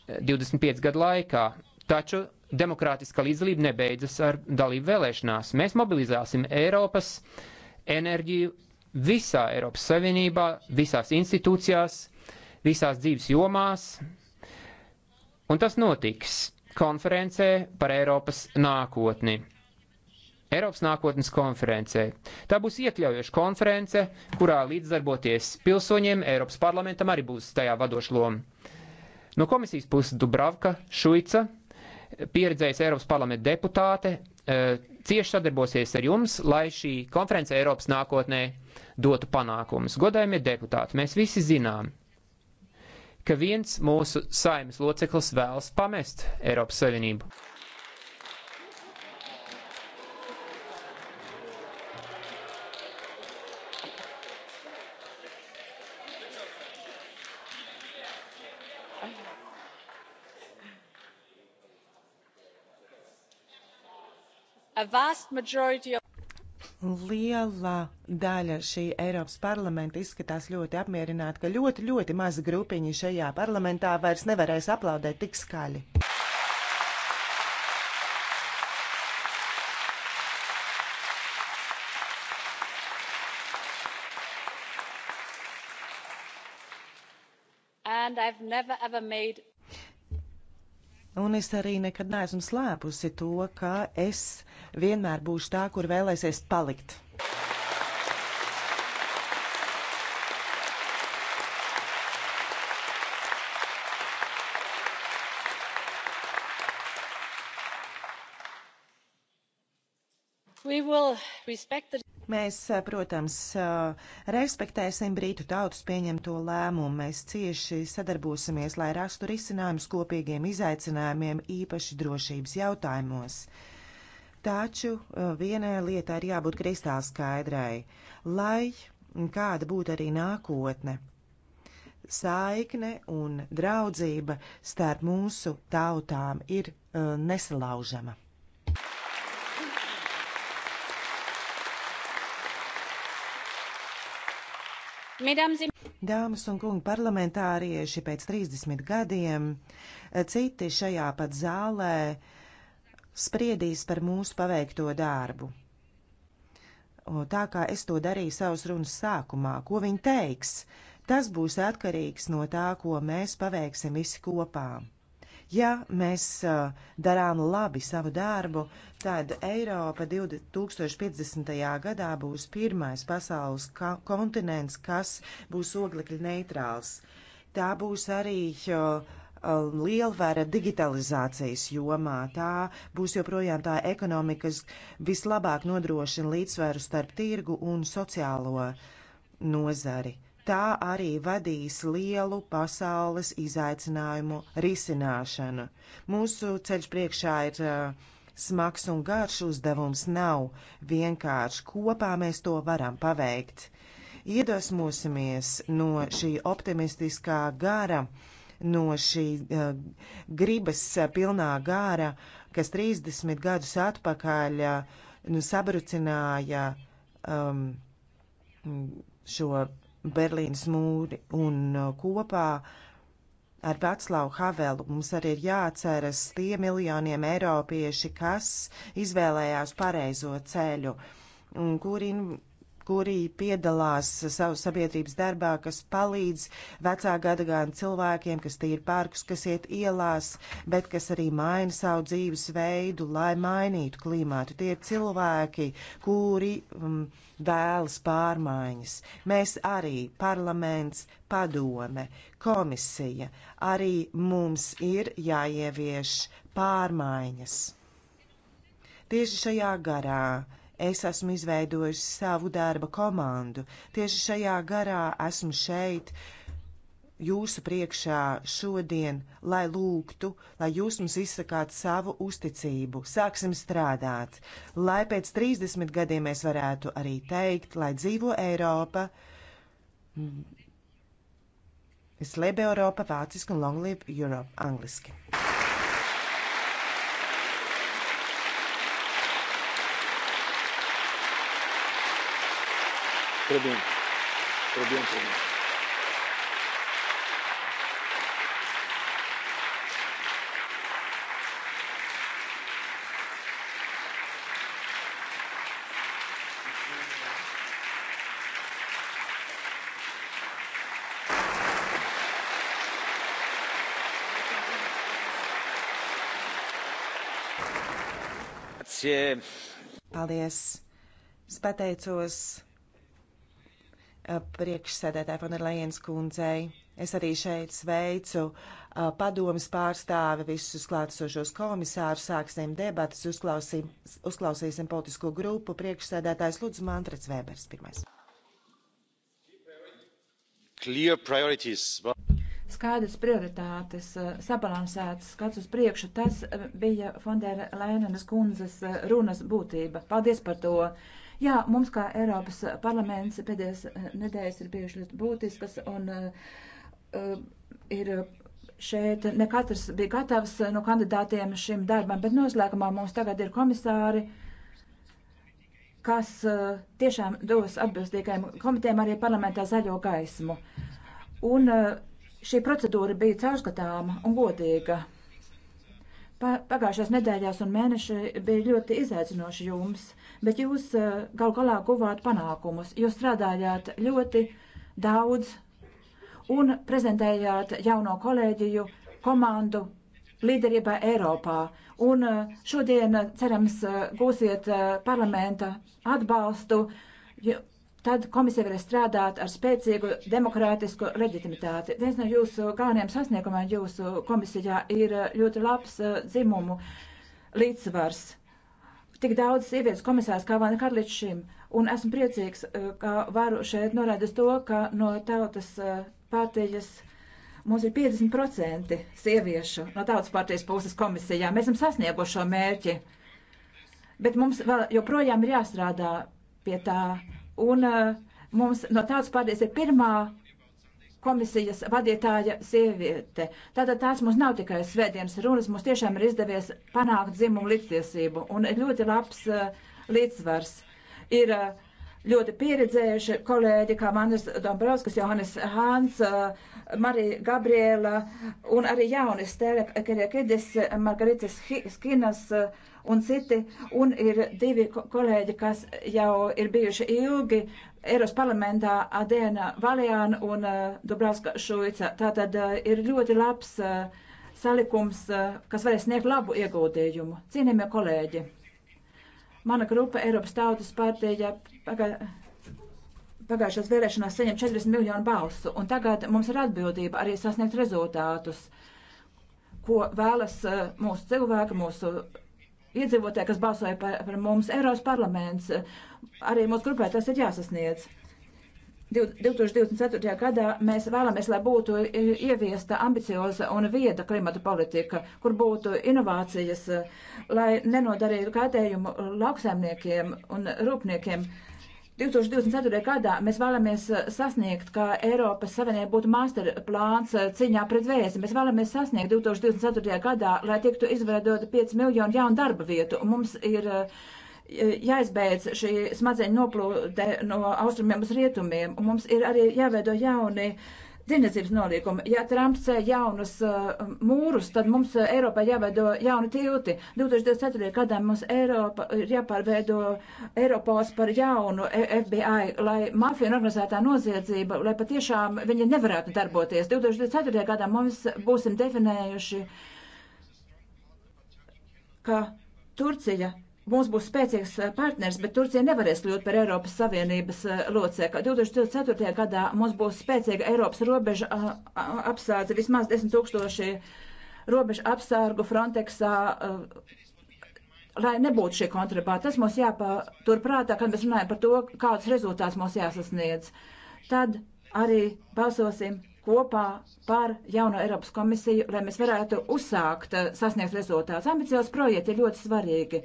25 eh, gadu laikā, taču demokrātiskā līdzlība nebeidzas ar dalību vēlēšanās. Mēs mobilizāsim Eiropas enerģiju visā Eiropas Savienībā, visās institūcijās, visās dzīves jomās, un tas notiks konferencē par Eiropas nākotni. Eiropas nākotnes konferencē. Tā būs iekļaujoša konference, kurā līdzdarboties pilsoņiem, Eiropas parlamentam arī būs tajā vadoša loma. No komisijas puses Dubravka Šuica, pieredzējis Eiropas parlamenta deputāte, e, cieši sadarbosies ar jums, lai šī konference Eiropas nākotnē dotu panākumus. Godājumie deputāti, mēs visi zinām, ka viens mūsu saimas loceklis vēlas pamest Eiropas Savienību. Liela daļa šī Eiropas parlamenta izskatās ļoti apmierināta, ka ļoti, ļoti maza grupiņa šajā parlamentā vairs nevarēs aplaudēt tik skaļi. and i've never ever made Un es arī nekad neesmu slēpusi to, ka es vienmēr būšu tā, kur vēlēsies palikt. The... Mēs, eh, protams, eh, respektēsim Brītu tautas pieņemto lēmumu. Mēs cieši sadarbosimies, lai rastu risinājumus kopīgiem izaicinājumiem, īpaši drošības jautājumos. Taču eh, vienai lietai ir jābūt kristāli skaidrai, lai kāda būtu arī nākotne. Saikne un draudzība starp mūsu tautām ir uh, nesalaužama. Dāmas un kungi parlamentārieši pēc 30 gadiem, citi šajā pat zālē spriedīs par mūsu paveikto darbu. Tā kā es to darīju savas runas sākumā, ko viņi teiks, tas būs atkarīgs no tā, ko mēs paveiksim visi kopā. Ja mēs darām labi savu darbu, tad Eiropa 2050. gadā būs pirmais pasaules kontinents, kas būs oglekļa neitrāls. Tā būs arī uh, lielvēra digitalizācijas jomā. Tā būs joprojām tā ekonomika, kas vislabāk nodrošina līdzsveru starp tirgu un sociālo nozari tā arī vadīs lielu pasaules izaicinājumu risināšanu. Mūsu ceļš priekšā ir uh, smags un garš uzdevums nav vienkārši kopā mēs to varam paveikt. Iedvesmosimies no šī optimistiskā gara, no šī uh, gribas uh, pilnā gara, kas 30 gadus atpakaļ uh, nu, sabrucināja um, šo Berlīnas mūri un uh, kopā ar Vaclavu Havelu mums arī ir jāatceras tie miljoniem eiropieši, kas izvēlējās pareizo ceļu un kuri kuri piedalās savu sabiedrības darbā, kas palīdz vecā gada gan cilvēkiem, kas tīri pārkus, kas iet ielās, bet kas arī maina savu dzīves veidu, lai mainītu klimātu. Tie ir cilvēki, kuri um, vēlas pārmaiņas. Mēs arī, parlaments, padome, komisija, arī mums ir jāievieš pārmaiņas. Tieši šajā garā Es esmu izveidojis savu darba komandu. Tieši šajā garā esmu šeit jūsu priekšā šodien, lai lūgtu, lai jūs mums izsakāt savu uzticību, sāksim strādāt, lai pēc 30 gadiem mēs varētu arī teikt, lai dzīvo Eiropa, es mm. lebe Eiropa, vāciski un long live Europe, angliski. Très bien. Très bien, très bien. Paldies! Es pateicos Eh, priekšsēdētāja Fonerlajienas kundzei. Es arī šeit sveicu eh, padomas pārstāvi, visus klātesošos komisārus, sāksim debatas, uzklausīsim, uzklausīsim politisko grupu. Priekšsēdētājs Lūdzu Mantrets Vēbers pirmais. Skaidrs prioritātes, eh, sabalansēts skats uz priekšu, tas bija Fondēra Lēnenes kundzes runas būtība. Paldies par to! Uh, Jā, mums kā Eiropas parlaments pēdējās eh, nedēļas ir bijušas ļoti būtiskas un uh, ir šeit ne katrs bija gatavs no kandidātiem šim darbam, bet noslēgumā mums tagad ir komisāri, kas uh, tiešām dos atbilstīgajiem komitēm arī parlamentā zaļo gaismu. Un uh, šī procedūra bija caurskatāma un godīga. Pagājušās nedēļās un mēneši bija ļoti izaicinoši jums, bet jūs eh, gal galā guvāt panākumus. Jūs strādājāt ļoti daudz un prezentējāt jauno kolēģiju, komandu līderībā Eiropā. Un eh, šodien, cerams, eh, gūsiet parlamenta atbalstu tad komisija varēs strādāt ar spēcīgu demokrātisku leģitimitāti. Viens no jūsu galvenajiem sasniegumiem jūsu komisijā ir eh, ļoti labs eh, dzimumu līdzsvars. Tik daudz sievietes komisārs kā vēl nekad līdz šim, un esmu priecīgs, eh, ka varu šeit norādīt to, ka no tautas partijas mums ir 50% sieviešu no tautas partijas puses komisijā. Mēs esam sasnieguši šo mērķi, bet mums vēl joprojām ir jāstrādā pie tā. Un eh, mums no tautas pārdies ir pirmā komisijas vadītāja sieviete. Tātad tās mums nav tikai svētdienas runas, mums tiešām ir izdevies panākt dzimumu līdztiesību un ļoti labs uh, līdzsvars. Ir uh, ļoti pieredzējuši kolēģi, kā Manis Dombrovskis, Johannes Hāns, uh, Marija Gabriela un arī jaunis Tēle Kerekedis, Margaritas Skinas. Uh, un citi, un ir divi kolēģi, kas jau ir bijuši ilgi Eiros parlamentā Adēna Valjāna un uh, eh, Dubrāska Šuica. Tātad uh, ir ļoti labs uh, salikums, uh, kas varēs sniegt labu ieguldījumu. Cienījamie kolēģi, mana grupa Eiropas tautas partija pagā, pagājušās vēlēšanās saņem 40 miljonu balsu, un tagad mums ir atbildība arī sasniegt rezultātus, ko vēlas uh, mūsu cilvēki, mūsu iedzīvotāji, kas balsoja par, par mums, Eiropas parlaments, arī mūsu grupē tas ir jāsasniedz. 2024. gadā mēs vēlamies, lai būtu ieviesta ambicioza un vieda klimata politika, kur būtu inovācijas, lai nenodarītu kaitējumu lauksaimniekiem un rūpniekiem. Uh, 2024. gadā mēs vēlamies eh, sasniegt, ka Eiropas Savienība būtu masterplāns eh, cīņā pret vēzi. Mēs vēlamies sasniegt 2024. gadā, lai tiktu izveidota 5 miljonu jaunu darba vietu. Mums ir eh, jāizbeidz šī smadzeņu noplūde no austrumiem uz rietumiem, un mums ir arī jāveido jauni uh, tirnezības noliekumu. Ja Trumps eh, jaunus uh, eh, mūrus, tad mums eh, Eiropā jāveido jauni tilti. 2024. gadā mums Eiropa ir jāpārveido Eiropos par jaunu FBI, lai mafija un organizētā noziedzība, lai patiešām viņi nevarētu darboties. 2024. gadā mums būsim definējuši, ka Turcija mums būs spēcīgs eh, partners, bet Turcija nevarēs kļūt par Eiropas Savienības eh, locekli. 2024. gadā mums būs spēcīga Eiropas robeža eh, apsādze, vismaz 10 tūkstoši robežu apsārgu Frontexā, lai nebūtu šī kontrabāta. Tas mums jāpaturprātā, kad mēs runājam par to, kāds rezultāts mums jāsasniedz. Tad arī balsosim kopā par jauno Eiropas komisiju, lai mēs varētu uzsākt sasniegt rezultātus. Ambiciozi projekti ir ļoti svarīgi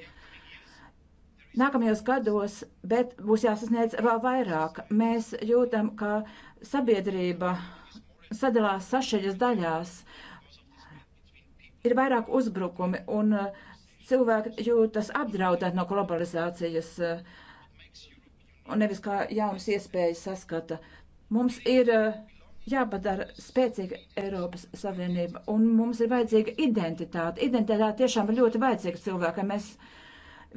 nākamajos gados, bet būs jāsasniedz vēl vairāk. Mēs jūtam, ka sabiedrība sadalās sašaļas daļās. Ir vairāk uzbrukumi un uh, cilvēki jūtas apdraudēti no globalizācijas uh, un nevis kā jaunas iespējas saskata. Mums ir uh, jāpadara spēcīga Eiropas Savienība un mums ir vajadzīga identitāte. Identitāte tiešām ir ļoti vajadzīga cilvēkam. Mēs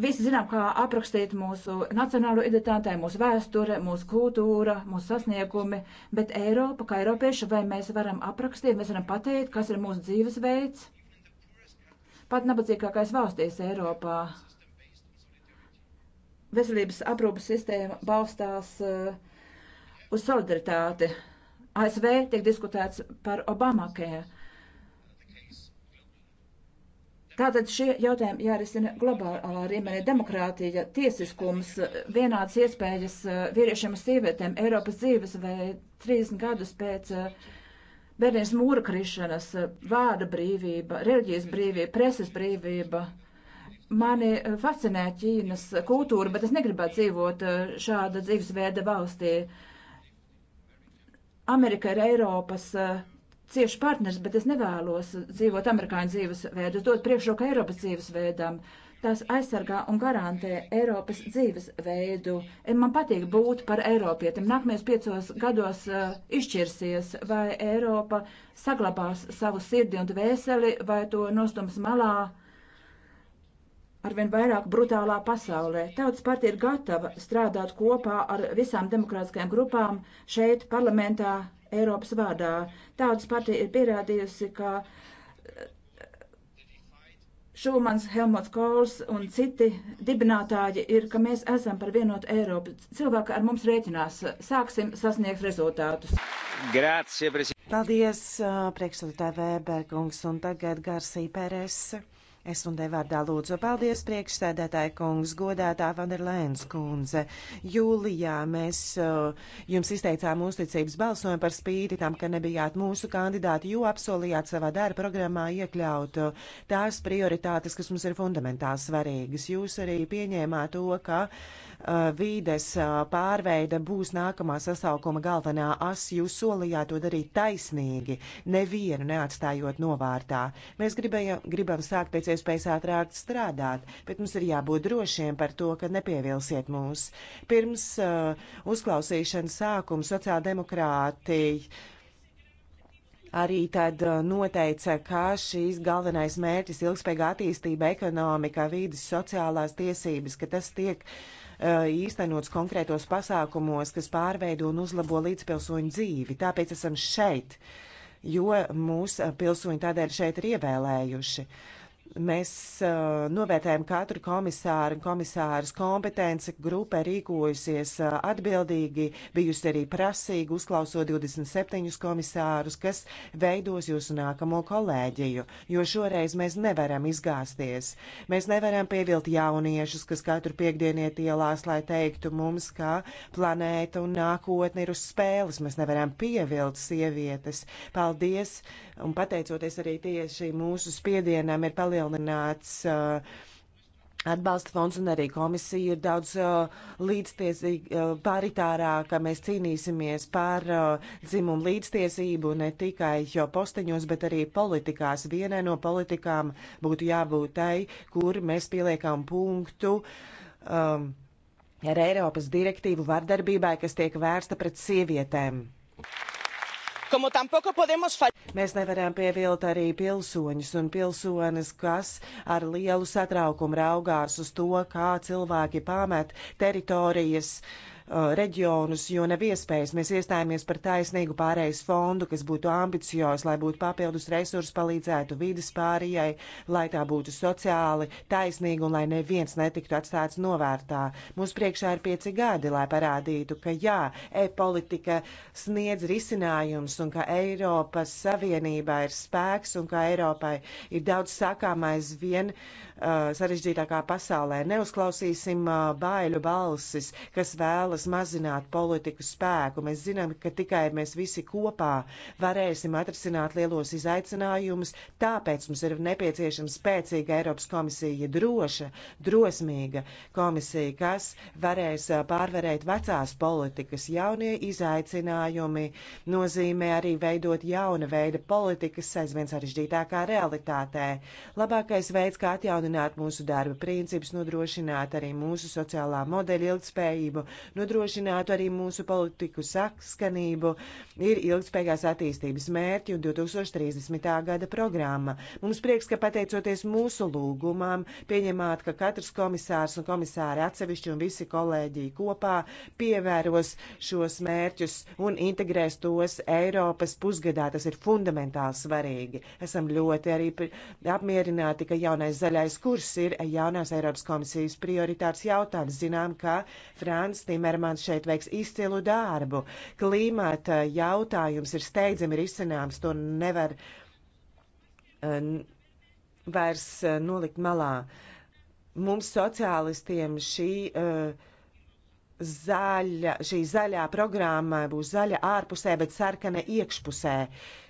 Visi zinām, kā aprakstīt mūsu nacionālo identitāti, mūsu vēsture, mūsu kultūra, mūsu sasniegumi, bet Eiropa, kā Eiropieši, vai mēs varam aprakstīt, mēs varam pateikt, kas ir mūsu dzīvesveids? Pat nabadzīgākais valstīs Eiropā. Veselības aprūpas sistēma balstās uh, uz solidaritāti. ASV tiek diskutēts par Obamakē. Tātad šie jautājumi jārisina globālā līmenī - demokrātija, tiesiskums, vienāds iespējas eh, vīriešiem un sievietēm, Eiropas dzīves vai 30 gadus pēc eh, Berlīnas mūra krišanas, eh, vārda brīvība, reliģijas brīvība, preses brīvība. Mani fascinē Ķīnas kultūra, bet es negribētu dzīvot šāda dzīvesveida valstī. Amerika ir Eiropas uh, cieši partners, bet es nevēlos dzīvot amerikāņu dzīvesveidu, dot priekšroku Eiropas dzīvesveidam. Tās aizsargā un garantē Eiropas dzīvesveidu. Man patīk būt par Eiropietim. Nākamajos piecos gados uh, izšķirsies, vai Eiropa saglabās savu sirdi un dvēseli, vai to nostums malā arvien vairāk brutālā pasaulē. Tautas partija ir gatava strādāt kopā ar visām demokrātiskajām grupām šeit parlamentā Eiropas vārdā. Tautas partija ir pierādījusi, ka eh, Šumans, Helmuts Kols un citi dibinātāji ir, ka mēs esam par vienotu Eiropu. Cilvēki ar mums rēķinās. Sāksim sasniegt rezultātus. Grācie, Paldies, eh, priekšsēdētāji Vēberkungs un tagad Garsī Pērēs. Es un devārdā lūdzu paldies priekšsēdētāja kungs, godētā Vanderlēns kundze. Jūlijā mēs uh, jums izteicām uzticības balsojumu par spīti tam, ka nebijāt mūsu kandidāti, jo apsolījāt savā darba programmā iekļaut uh, tās prioritātes, kas mums ir fundamentāli svarīgas. Jūs arī pieņēmāt to, ka uh, Eh, vīdes eh, pārveide būs nākamā sasaukuma galvenā as. Jūs solījāt to darīt taisnīgi, nevienu neatstājot novārtā. Mēs gribējam, gribam sākt pēc iespējas ātrāk strādāt, bet mums ir jābūt drošiem par to, ka nepievilsiet mūs. Pirms uh, uzklausīšanas sākuma sociāldemokrāti arī tad noteica, ka šīs galvenais mērķis ilgspējīga attīstība ekonomikā, vīdas sociālās tiesības, ka tas tiek uh, īstenots konkrētos pasākumos, kas pārveido un uzlabo līdzpilsoņu dzīvi. Tāpēc esam šeit, jo mūs pilsoņi tādēļ šeit ir ievēlējuši. Uh, Mēs uh, novērtējam katru komisāru un komisāras kompetenci, grupa rīkojusies uh, atbildīgi, bijusi arī prasīga, uzklausot 27 komisārus, kas veidos jūsu nākamo kolēģiju, jo šoreiz mēs nevaram izgāsties. Mēs nevaram pievilt jauniešus, kas katru piekdienu iet ielās, lai teiktu mums, ka planēta un nākotne ir uz spēles. Mēs nevaram pievilt sievietes. Paldies, un pateicoties arī tieši mūsu spiedienam ir palīdzējis palielināts. Uh, Atbalsta fonds un arī komisija ir daudz uh, līdztiesīga, uh, paritārāka. Mēs cīnīsimies par uh, dzimumu līdztiesību ne tikai jo posteņos, bet arī politikās. Vienai no politikām būtu jābūt tai, kur mēs pieliekam punktu. Um, ar Eiropas direktīvu vardarbībai, kas tiek vērsta pret sievietēm. Mēs nevaram pievilt arī pilsoņus un pilsonis, kas ar lielu satraukumu raugās uz to, kā cilvēki pamet teritorijas. Uh, Uh, reģionus, jo nav iespējas. Mēs iestājāmies par taisnīgu pārējais fondu, kas būtu ambiciozs, lai būtu papildus resursi, palīdzētu vidas pārējai, lai tā būtu sociāli taisnīga un lai neviens netiktu atstāts novērtā. Mums priekšā ir pieci gadi, lai parādītu, ka jā, e-politika sniedz risinājums un ka Eiropas Savienībā ir spēks un ka Eiropai ir daudz sakāmais vien. Uh, Uh, sarežģītākā pasaulē. Neuzklausīsim uh, baiļu balsis, kas vēlas mazināt politiku spēku. Mēs zinām, ka tikai mēs visi kopā varēsim atrisināt lielos izaicinājumus, tāpēc mums ir nepieciešama spēcīga Eiropas komisija, droša, drosmīga komisija, kas varēs uh, pārvarēt vecās politikas. Jaunie izaicinājumi nozīmē arī veidot jauna veida politikas aizvien sarežģītākā realitātē. Labākais veids, kā atjaunot papildināt mūsu darba principus, nodrošināt arī mūsu sociālā modeļa ilgspējību, nodrošināt arī mūsu politiku sakskanību, ir ilgspējīgās attīstības mērķi un 2030. gada programma. Mums prieks, ka pateicoties mūsu lūgumam, pieņemāt, ka katrs komisārs un komisāri atsevišķi un visi kolēģi kopā pievēros šos mērķus un integrēs tos Eiropas pusgadā. Tas ir fundamentāli svarīgi. Esam ļoti arī apmierināti, ka jaunais zaļais Jautājums, kurš ir jaunās Eiropas komisijas prioritārs jautājums? Zinām, ka Frāns Timermans šeit veiks izcilu darbu. Klimata jautājums ir steidzami risināms, to nevar uh, vairs uh, nolikt malā. Mums sociālistiem šī. Uh, zaļa, šī zaļā programma būs zaļa ārpusē, bet sarkana iekšpusē. Uh,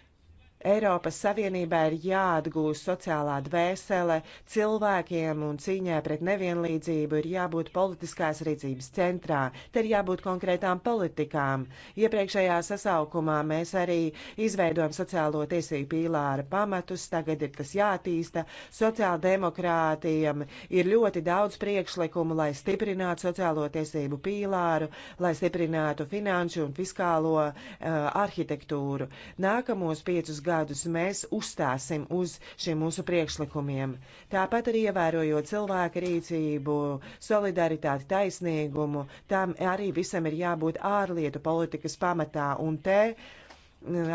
Eiropas Savienībā ir jāatgūst sociālā dvēsele, cilvēkiem un cīņai pret nevienlīdzību ir jābūt politiskās rīcības centrā, te ir jābūt konkrētām politikām. Iepriekšējā sasaukumā mēs arī izveidojam sociālo tiesību pīlāra pamatus, tagad ir tas jātīsta. Sociāldemokrātijam ir ļoti daudz priekšlikumu, lai stiprinātu sociālo tiesību pīlāru, lai stiprinātu finanšu un fiskālo uh, arhitektūru. Nākamos piecus gadus kādus mēs uzstāsim uz šiem mūsu priekšlikumiem. Tāpat arī ievērojot cilvēku rīcību, solidaritāti, taisnīgumu, tam arī visam ir jābūt ārlietu politikas pamatā. Un te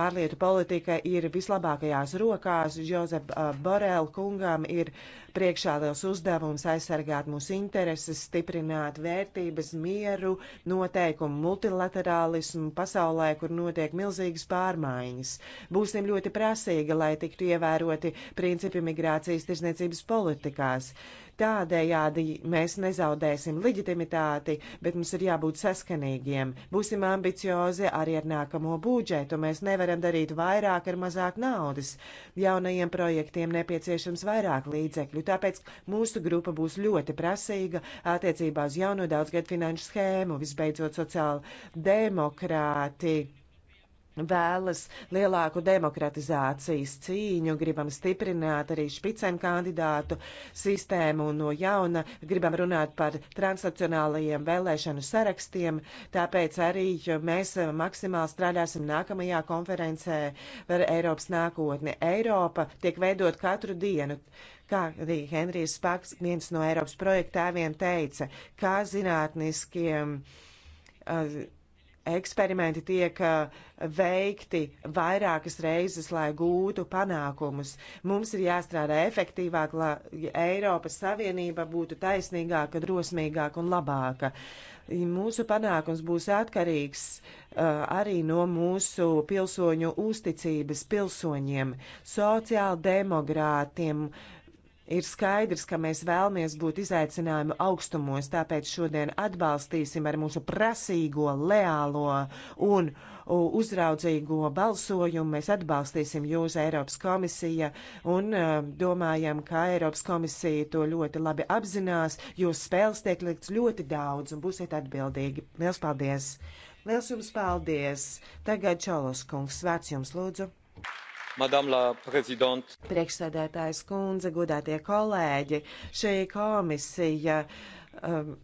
ārlietu politika ir vislabākajās rokās. Jozef uh, Borel kungam ir priekšā liels uzdevums aizsargāt mūsu intereses, stiprināt vērtības, mieru, noteikumu, multilaterālismu pasaulē, kur notiek milzīgas pārmaiņas. Būsim ļoti prasīgi, lai tiktu ievēroti principi migrācijas tirzniecības politikās. Tādējādi mēs nezaudēsim leģitimitāti, bet mums ir jābūt saskanīgiem. Būsim ambiciozi arī ar nākamo budžetu. Mēs nevaram darīt vairāk ar mazāk naudas. Jaunajiem projektiem nepieciešams vairāk līdzekļu, tāpēc mūsu grupa būs ļoti prasīga attiecībā uz jauno daudzgad finanšu schēmu. Visbeidzot, sociāla demokrāti vēlas lielāku demokratizācijas cīņu, gribam stiprināt arī špicēm kandidātu sistēmu un no jauna gribam runāt par transnacionālajiem vēlēšanu sarakstiem, tāpēc arī mēs maksimāli strādāsim nākamajā konferencē par Eiropas nākotni. Eiropa tiek veidot katru dienu. Kā arī Henrijs Spaks, viens no Eiropas projektēviem, teica, kā zinātniskiem uh, Eksperimenti tiek eh, veikti vairākas reizes, lai gūtu panākumus. Mums ir jāstrādā efektīvāk, lai Eiropas Savienība būtu taisnīgāka, drosmīgāka un labāka. Mūsu panākums būs atkarīgs uh, arī no mūsu pilsoņu uzticības pilsoņiem, sociāldemokrātiem. Uh, Ir skaidrs, ka mēs vēlamies būt izaicinājumu augstumos, tāpēc šodien atbalstīsim ar mūsu prasīgo, leālo un uzraudzīgo balsojumu. Mēs atbalstīsim jūs, Eiropas komisija, un e, domājam, ka Eiropas komisija to ļoti labi apzinās. Jūs spēles tiek likts ļoti daudz un būsiet atbildīgi. Liels paldies! Liels jums paldies! Tagad Čalos kungs, vārds jums lūdzu! Priekšsēdētājs kundze, godātie kolēģi, šī komisija. Um,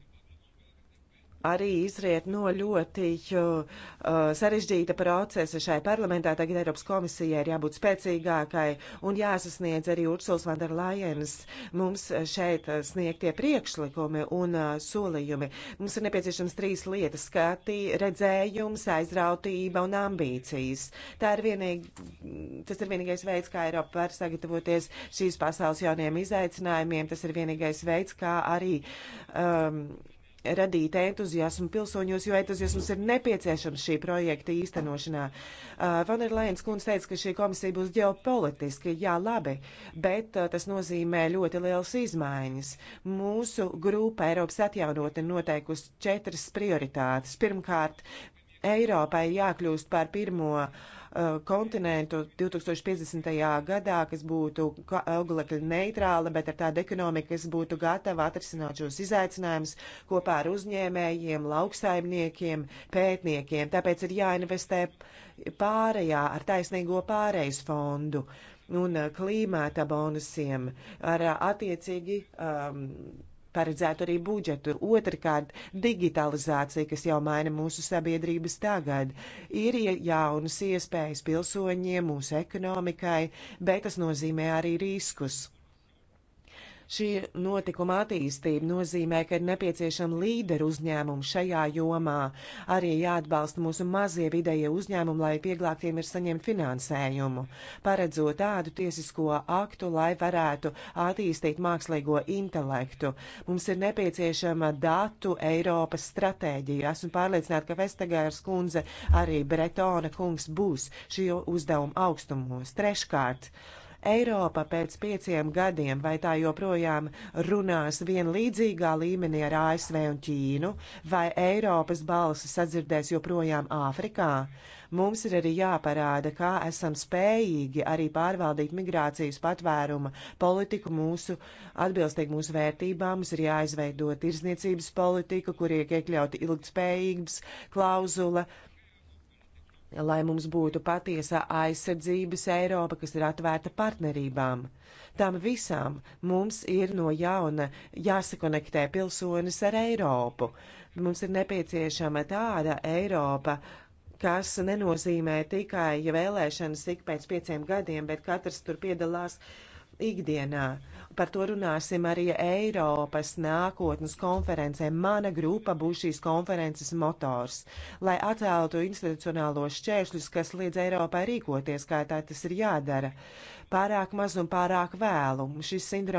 arī izriet no ļoti uh, uh, sarežģīta procesa šai parlamentā. Tagad Eiropas komisijai ir jābūt spēcīgākai un jāsasniedz arī Ursuls van der Lajens mums šeit uh, sniegtie priekšlikumi un uh, solījumi. Mums ir nepieciešams trīs lietas - skati, redzējums, aizrautība un ambīcijas. Tā ir vienīgi, tas ir vienīgais veids, kā Eiropa var sagatavoties šīs pasaules jauniem izaicinājumiem. Tas ir vienīgais veids, kā arī um, radīt entuziasmu pilsoņos, jo entuziasms ir nepieciešams šī projekta īstenošanā. Uh, Van der Lēns kundze teica, ka šī komisija būs ģeopolitiski, jā, labi, bet uh, tas nozīmē ļoti liels izmaiņas. Mūsu grupa Eiropas atjaunot ir noteikusi četras prioritātes. Pirmkārt, Eiropai jākļūst par pirmo uh, Uh, kontinentu 2050. gadā, kas būtu auglekļa neitrāla, bet ar tādu ekonomiku, kas būtu gatava atrisināt šos izaicinājumus kopā ar uzņēmējiem, lauksaimniekiem, pētniekiem. Tāpēc ir jāinvestē pārējā ar taisnīgo pārējais fondu un uh, klīmēta bonusiem ar uh, attiecīgi. Um, paredzētu arī budžetu. Otrakārt, digitalizācija, kas jau maina mūsu sabiedrības tagad, ir jaunas iespējas pilsoņiem, mūsu ekonomikai, bet tas nozīmē arī riskus. Šī notikuma attīstība nozīmē, ka ir nepieciešama līderu uzņēmumu šajā jomā. Arī jāatbalsta mūsu mazie vidējie uzņēmumi, lai vieglāk tiem ir saņemt finansējumu, paredzot tādu tiesisko aktu, lai varētu attīstīt mākslīgo intelektu. Mums ir nepieciešama datu Eiropas stratēģija. Esmu pārliecināta, ka Vestagērs kundze, arī Bretona kungs būs šī uzdevuma augstumos. Treškārt. Eiropa pēc pieciem gadiem, vai tā joprojām runās vienlīdzīgā līmenī ar ASV un Ķīnu, vai Eiropas balsi sadzirdēs joprojām Āfrikā? Mums ir arī jāparāda, kā esam spējīgi arī pārvaldīt migrācijas patvēruma politiku mūsu, atbilstīgi mūsu vērtībām, mums ir jāizveido tirzniecības politiku, kur iek iekļauti ilgtspējības klauzula. Uh, lai mums būtu patiesa aizsardzības Eiropa, kas ir atvērta partnerībām. Tām visām mums ir no jauna jāsakonektē pilsonis ar Eiropu. Mums ir nepieciešama tāda Eiropa, kas nenozīmē tikai vēlēšanas ik pēc pieciem gadiem, bet katrs tur piedalās uh, ikdienā. Par to runāsim arī Eiropas nākotnes konferencē. Mana grupa būs šīs konferences motors, lai atceltu institucionālos šķēršļus, kas liedz Eiropai rīkoties, kā tā tas ir jādara. Pārāk maz un pārāk vēlu. Šis sindroms